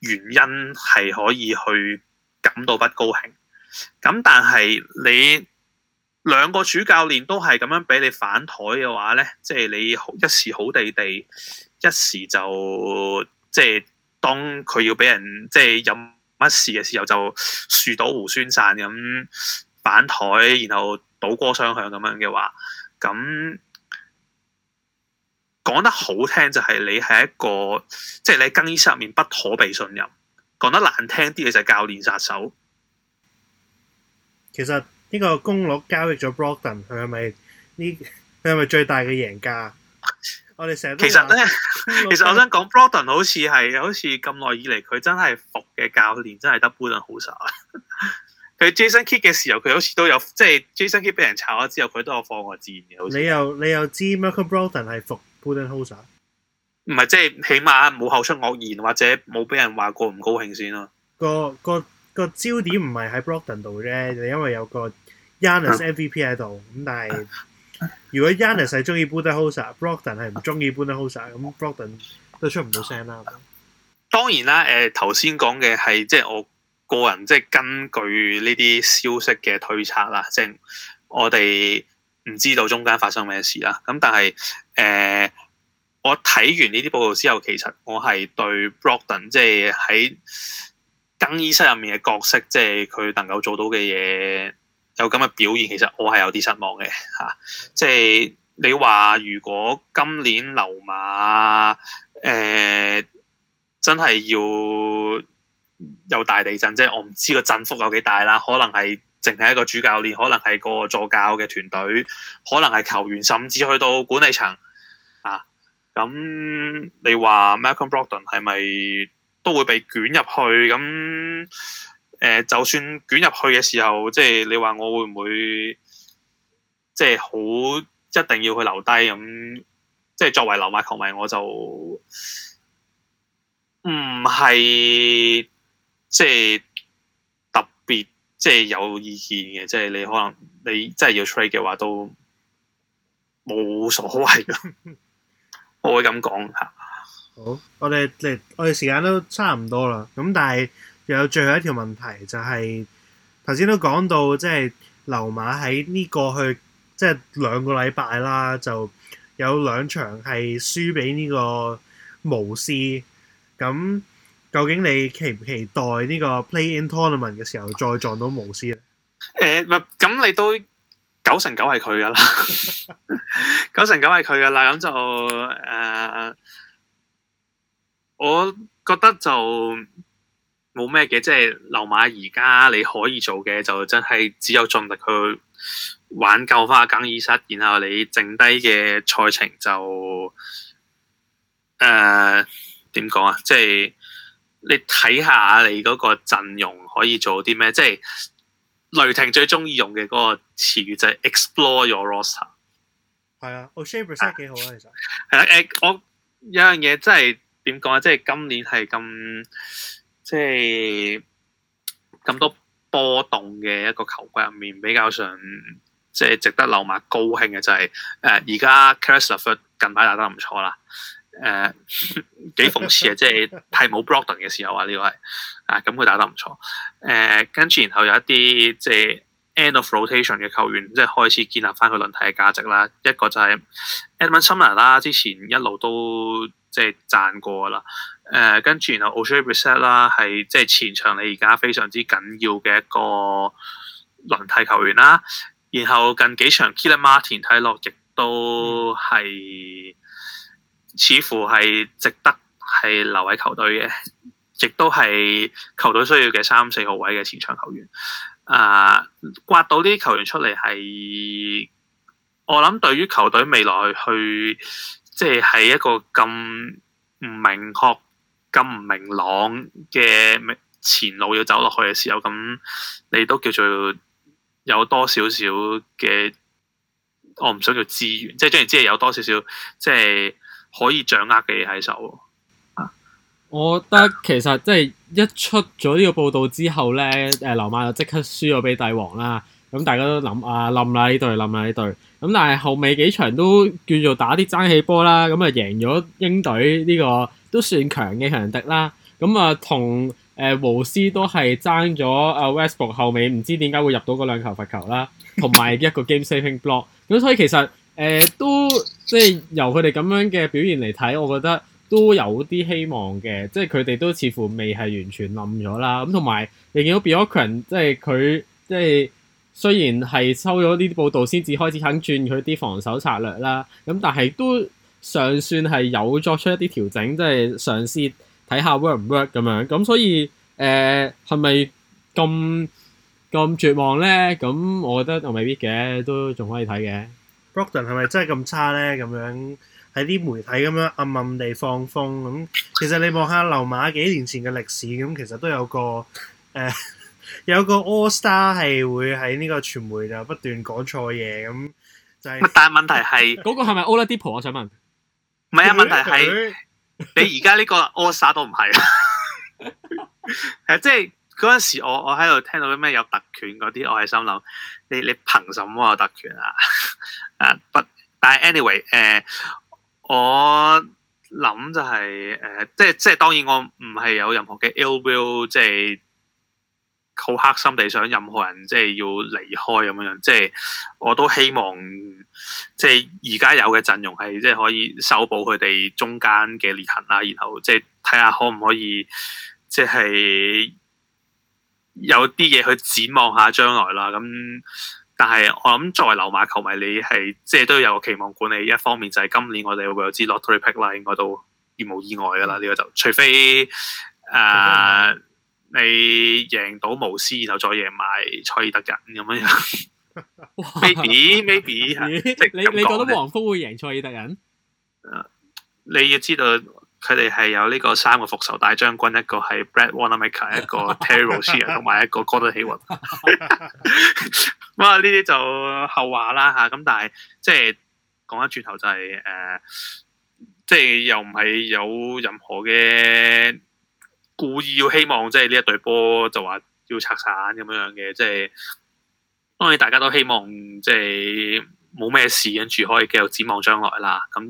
原因係可以去感到不高興。咁但係你兩個主教練都係咁樣俾你反台嘅話咧，即係你一時好地地，一時就即係當佢要俾人即係有乜事嘅時候就樹倒猢猻散咁反台，然後，倒戈相向咁樣嘅話，咁講得好聽就係你係一個，即、就、係、是、你更衣室入面不妥被信任。講得難聽啲嘢就係教練殺手。其實呢個公鹿交易咗 Brogdon 佢係咪呢？佢係咪最大嘅贏家？我哋成日其實咧，其實我想講 Brogdon 好似係，好似咁耐以嚟，佢真係服嘅教練，真係得 Brogdon 好晒。佢 Jason Kidd 嘅時候，佢好似都有即係 Jason Kidd 俾人炒咗之後，佢都有放過自然嘅。你又你又知 Malcolm Brogdon 係服 Budenholzer？唔係即係起碼冇口出惡言，或者冇俾人話過唔高興先咯、啊。個個個焦點唔係喺 Brogdon 度啫，就因為有個 Yanis MVP 喺度。咁、啊、但係如果 Yanis 係中意 Budenholzer，Brogdon 係唔中意 Budenholzer，咁 Brogdon 都出唔到聲啦。當然啦，誒頭先講嘅係即係我。個人即係根據呢啲消息嘅推測啦，即係我哋唔知道中間發生咩事啦。咁但係誒、呃，我睇完呢啲報道之後，其實我係對 Brogdon 即係喺更衣室入面嘅角色，即係佢能夠做到嘅嘢有咁嘅表現，其實我係有啲失望嘅嚇、啊。即係你話如果今年溜馬誒、呃、真係要有大地震即係，我唔知個振幅有幾大啦。可能係淨係一個主教練，可能係個助教嘅團隊，可能係球員，甚至去到管理層啊。咁你話 Malcolm Brogdon 係咪都會被捲入去？咁誒、呃，就算捲入去嘅時候，即、就、係、是、你話我會唔會即係好一定要去留低？咁即係作為溜馬球迷，我就唔係。即係特別，即係有意見嘅，即係你可能你真係要出 r 嘅話都冇所謂咯。 *laughs* 我會咁講嚇。好，我哋我哋時間都差唔多啦。咁但係又有最後一條問題，就是就，就係頭先都講到，即係流馬喺呢個去即係兩個禮拜啦，就有兩場係輸俾呢個無視咁。究竟你期唔期待呢個 Play in Tournament 嘅時候再撞到巫師咧？誒、呃，咁你都九成九係佢噶啦，九成九係佢噶啦咁就誒、呃，我覺得就冇咩嘅，即係溜馬而家你可以做嘅就真係只有盡力去挽救翻更衣室，然後你剩低嘅賽程就誒點講啊？即係。你睇下你嗰個陣容可以做啲咩？即係雷霆最中意用嘅嗰個詞語就係 explore your roster。係啊 Oshae 本身幾好啊，其實。係啦，誒，我有樣嘢真係點講啊？即係今年係咁，即係咁多波動嘅一個球季入面，比較上即係值得溜馬高興嘅就係、是、誒，而家 Caris LeVert 近排打得唔錯啦。誒，幾諷刺啊！即係太冇 Brogdon 嘅時候啊，呢、這個係啊，咁佢打得唔錯。誒、呃，跟住然後有一啲即係 end of rotation 嘅球員，即係開始建立翻佢輪替嘅價值啦。一個就係 Edmond Sumner 啦，之前一路都即係讚過啦。誒、呃，跟住然後 Oshae Brissett 啦，係即係前場你而家非常之緊要嘅一個輪替球員啦。然後近幾場 Kelan Martin 睇落亦都係。嗯似乎係值得係留喺球隊嘅，亦都係球隊需要嘅三四號位嘅前場球員。啊、呃，刮到啲球員出嚟係，我諗對於球隊未來去即係喺一個咁唔明確、咁唔明朗嘅前路要走落去嘅時候，咁你都叫做有多少少嘅，我唔想叫資源，即係即係總之係有多少少即係。就是可以掌握嘅嘢喺手啊、哦！我覺得其實即係一出咗呢個報道之後咧，誒、呃，溜馬就即刻輸咗俾帝王啦。咁大家都諗啊，冧啦呢隊，冧啦呢隊。咁但係後尾幾場都叫做打啲爭氣波啦。咁、這個呃、啊，贏咗英隊，呢個都算強嘅強敵啦。咁啊，同誒巫師都係爭咗阿 Westbrook 後尾，唔知點解會入到嗰兩球罰球啦，同埋一個 game saving block。咁所以其實誒、呃、都。即係由佢哋咁樣嘅表現嚟睇，我覺得都有啲希望嘅。即係佢哋都似乎未係完全冧咗啦。咁同埋你見到 Bjorkgren 即係佢即係雖然係收咗呢啲報道先至開始肯轉佢啲防守策略啦。咁、嗯、但係都尚算係有作出一啲調整，即係嘗試睇下 work 唔 work 咁樣。咁、嗯、所以誒係咪咁咁絕望咧？咁、嗯、我覺得又未必嘅，都仲可以睇嘅。Brogdon 係咪真係咁差咧？咁樣喺啲媒體咁樣暗暗地放風咁，其實你望下溜馬幾年前嘅歷史咁，其實都有個誒、呃、有個 all star 係會喺呢個傳媒就不斷講錯嘢咁，就係、是。但係問題係嗰 *laughs* 個係咪 Oladipo 啊？我想問，唔係啊，問題係 *laughs* 你而家呢個 all star 都唔係啦，誒即係。嗰陣時我，我我喺度聽到啲咩有特權嗰啲，我喺心諗，你你憑什麼有特權啊？啊，不，但係 anyway，誒、呃，我諗就係、是、誒、呃，即即，即當然我唔係有任何嘅 ill will，即係好黑心地想任何人即係要離開咁樣，即係我都希望即係而家有嘅陣容係即係可以修補佢哋中間嘅裂痕啦，然後即係睇下可唔可以即係。有啲嘢去展望下將來啦，咁但係我諗作為溜馬球迷你，你係即係都要有個期望管理。一方面就係今年我哋會有支 lottery pick 啦，應該都無意外噶啦。呢、嗯、個就除非誒、呃、你贏到無私，然後再贏埋賽爾特人咁樣。哇 *laughs* maybe maybe *laughs* 你你覺得黃蜂會贏賽爾特人？你要知道佢哋係有呢個三個復仇大將軍，一個係 Brad Wanamaker 一個 Terry Rozier，同埋一個 Gordon Hayward。呢啲 *laughs* 就後話啦嚇。咁但係即係講翻轉頭就係誒，即係、就係呃、又唔係有任何嘅故意要希望，即係呢一隊波就話要拆散咁樣樣嘅。即係當然大家都希望即係冇咩事，跟住可以繼續展望將來啦。咁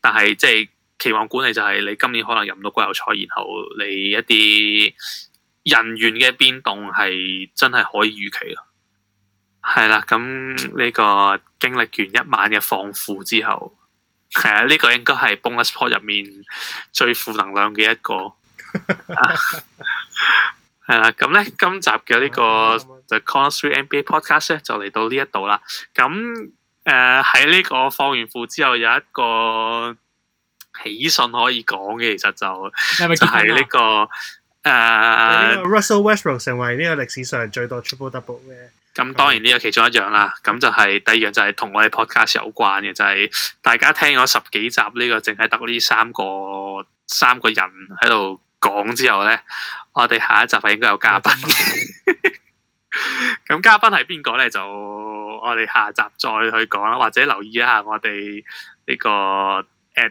但係即係。期望管理就係你今年可能入唔到季後賽，然後你一啲人員嘅變動係真係可以預期咯。係啦，咁呢個經歷完一晚嘅放負之後，係、呃、啊、呢、這個應該係 Bong Sport 入面最負能量嘅一個。係、啊、啦，咁咧 *laughs* 今集嘅呢個 The Con3 NBA Podcast 咧就嚟到呢一度啦。咁誒喺呢個放完負之後有一個喜訊可以講嘅，其實就係呢、這個誒，Russell West、啊、brook 成為呢個歷史上最多 Triple Double 嘅。咁、嗯、當然呢個其中一樣啦，咁 *laughs* 就係第二樣就係同我哋 Podcast 有關嘅，就係、是、大家聽咗十幾集呢、這個淨係得呢三個三個人喺度講之後咧，我哋下一集係應該有嘉賓。咁嘉賓係邊個咧？就我哋下集再去講啦，或者留意一下我哋呢個 a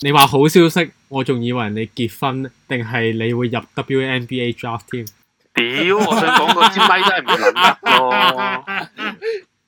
你話好消息，我仲以為你結婚，定係你會入 WNBA draft 添？屌，我想講嗰支麥真係唔得喎。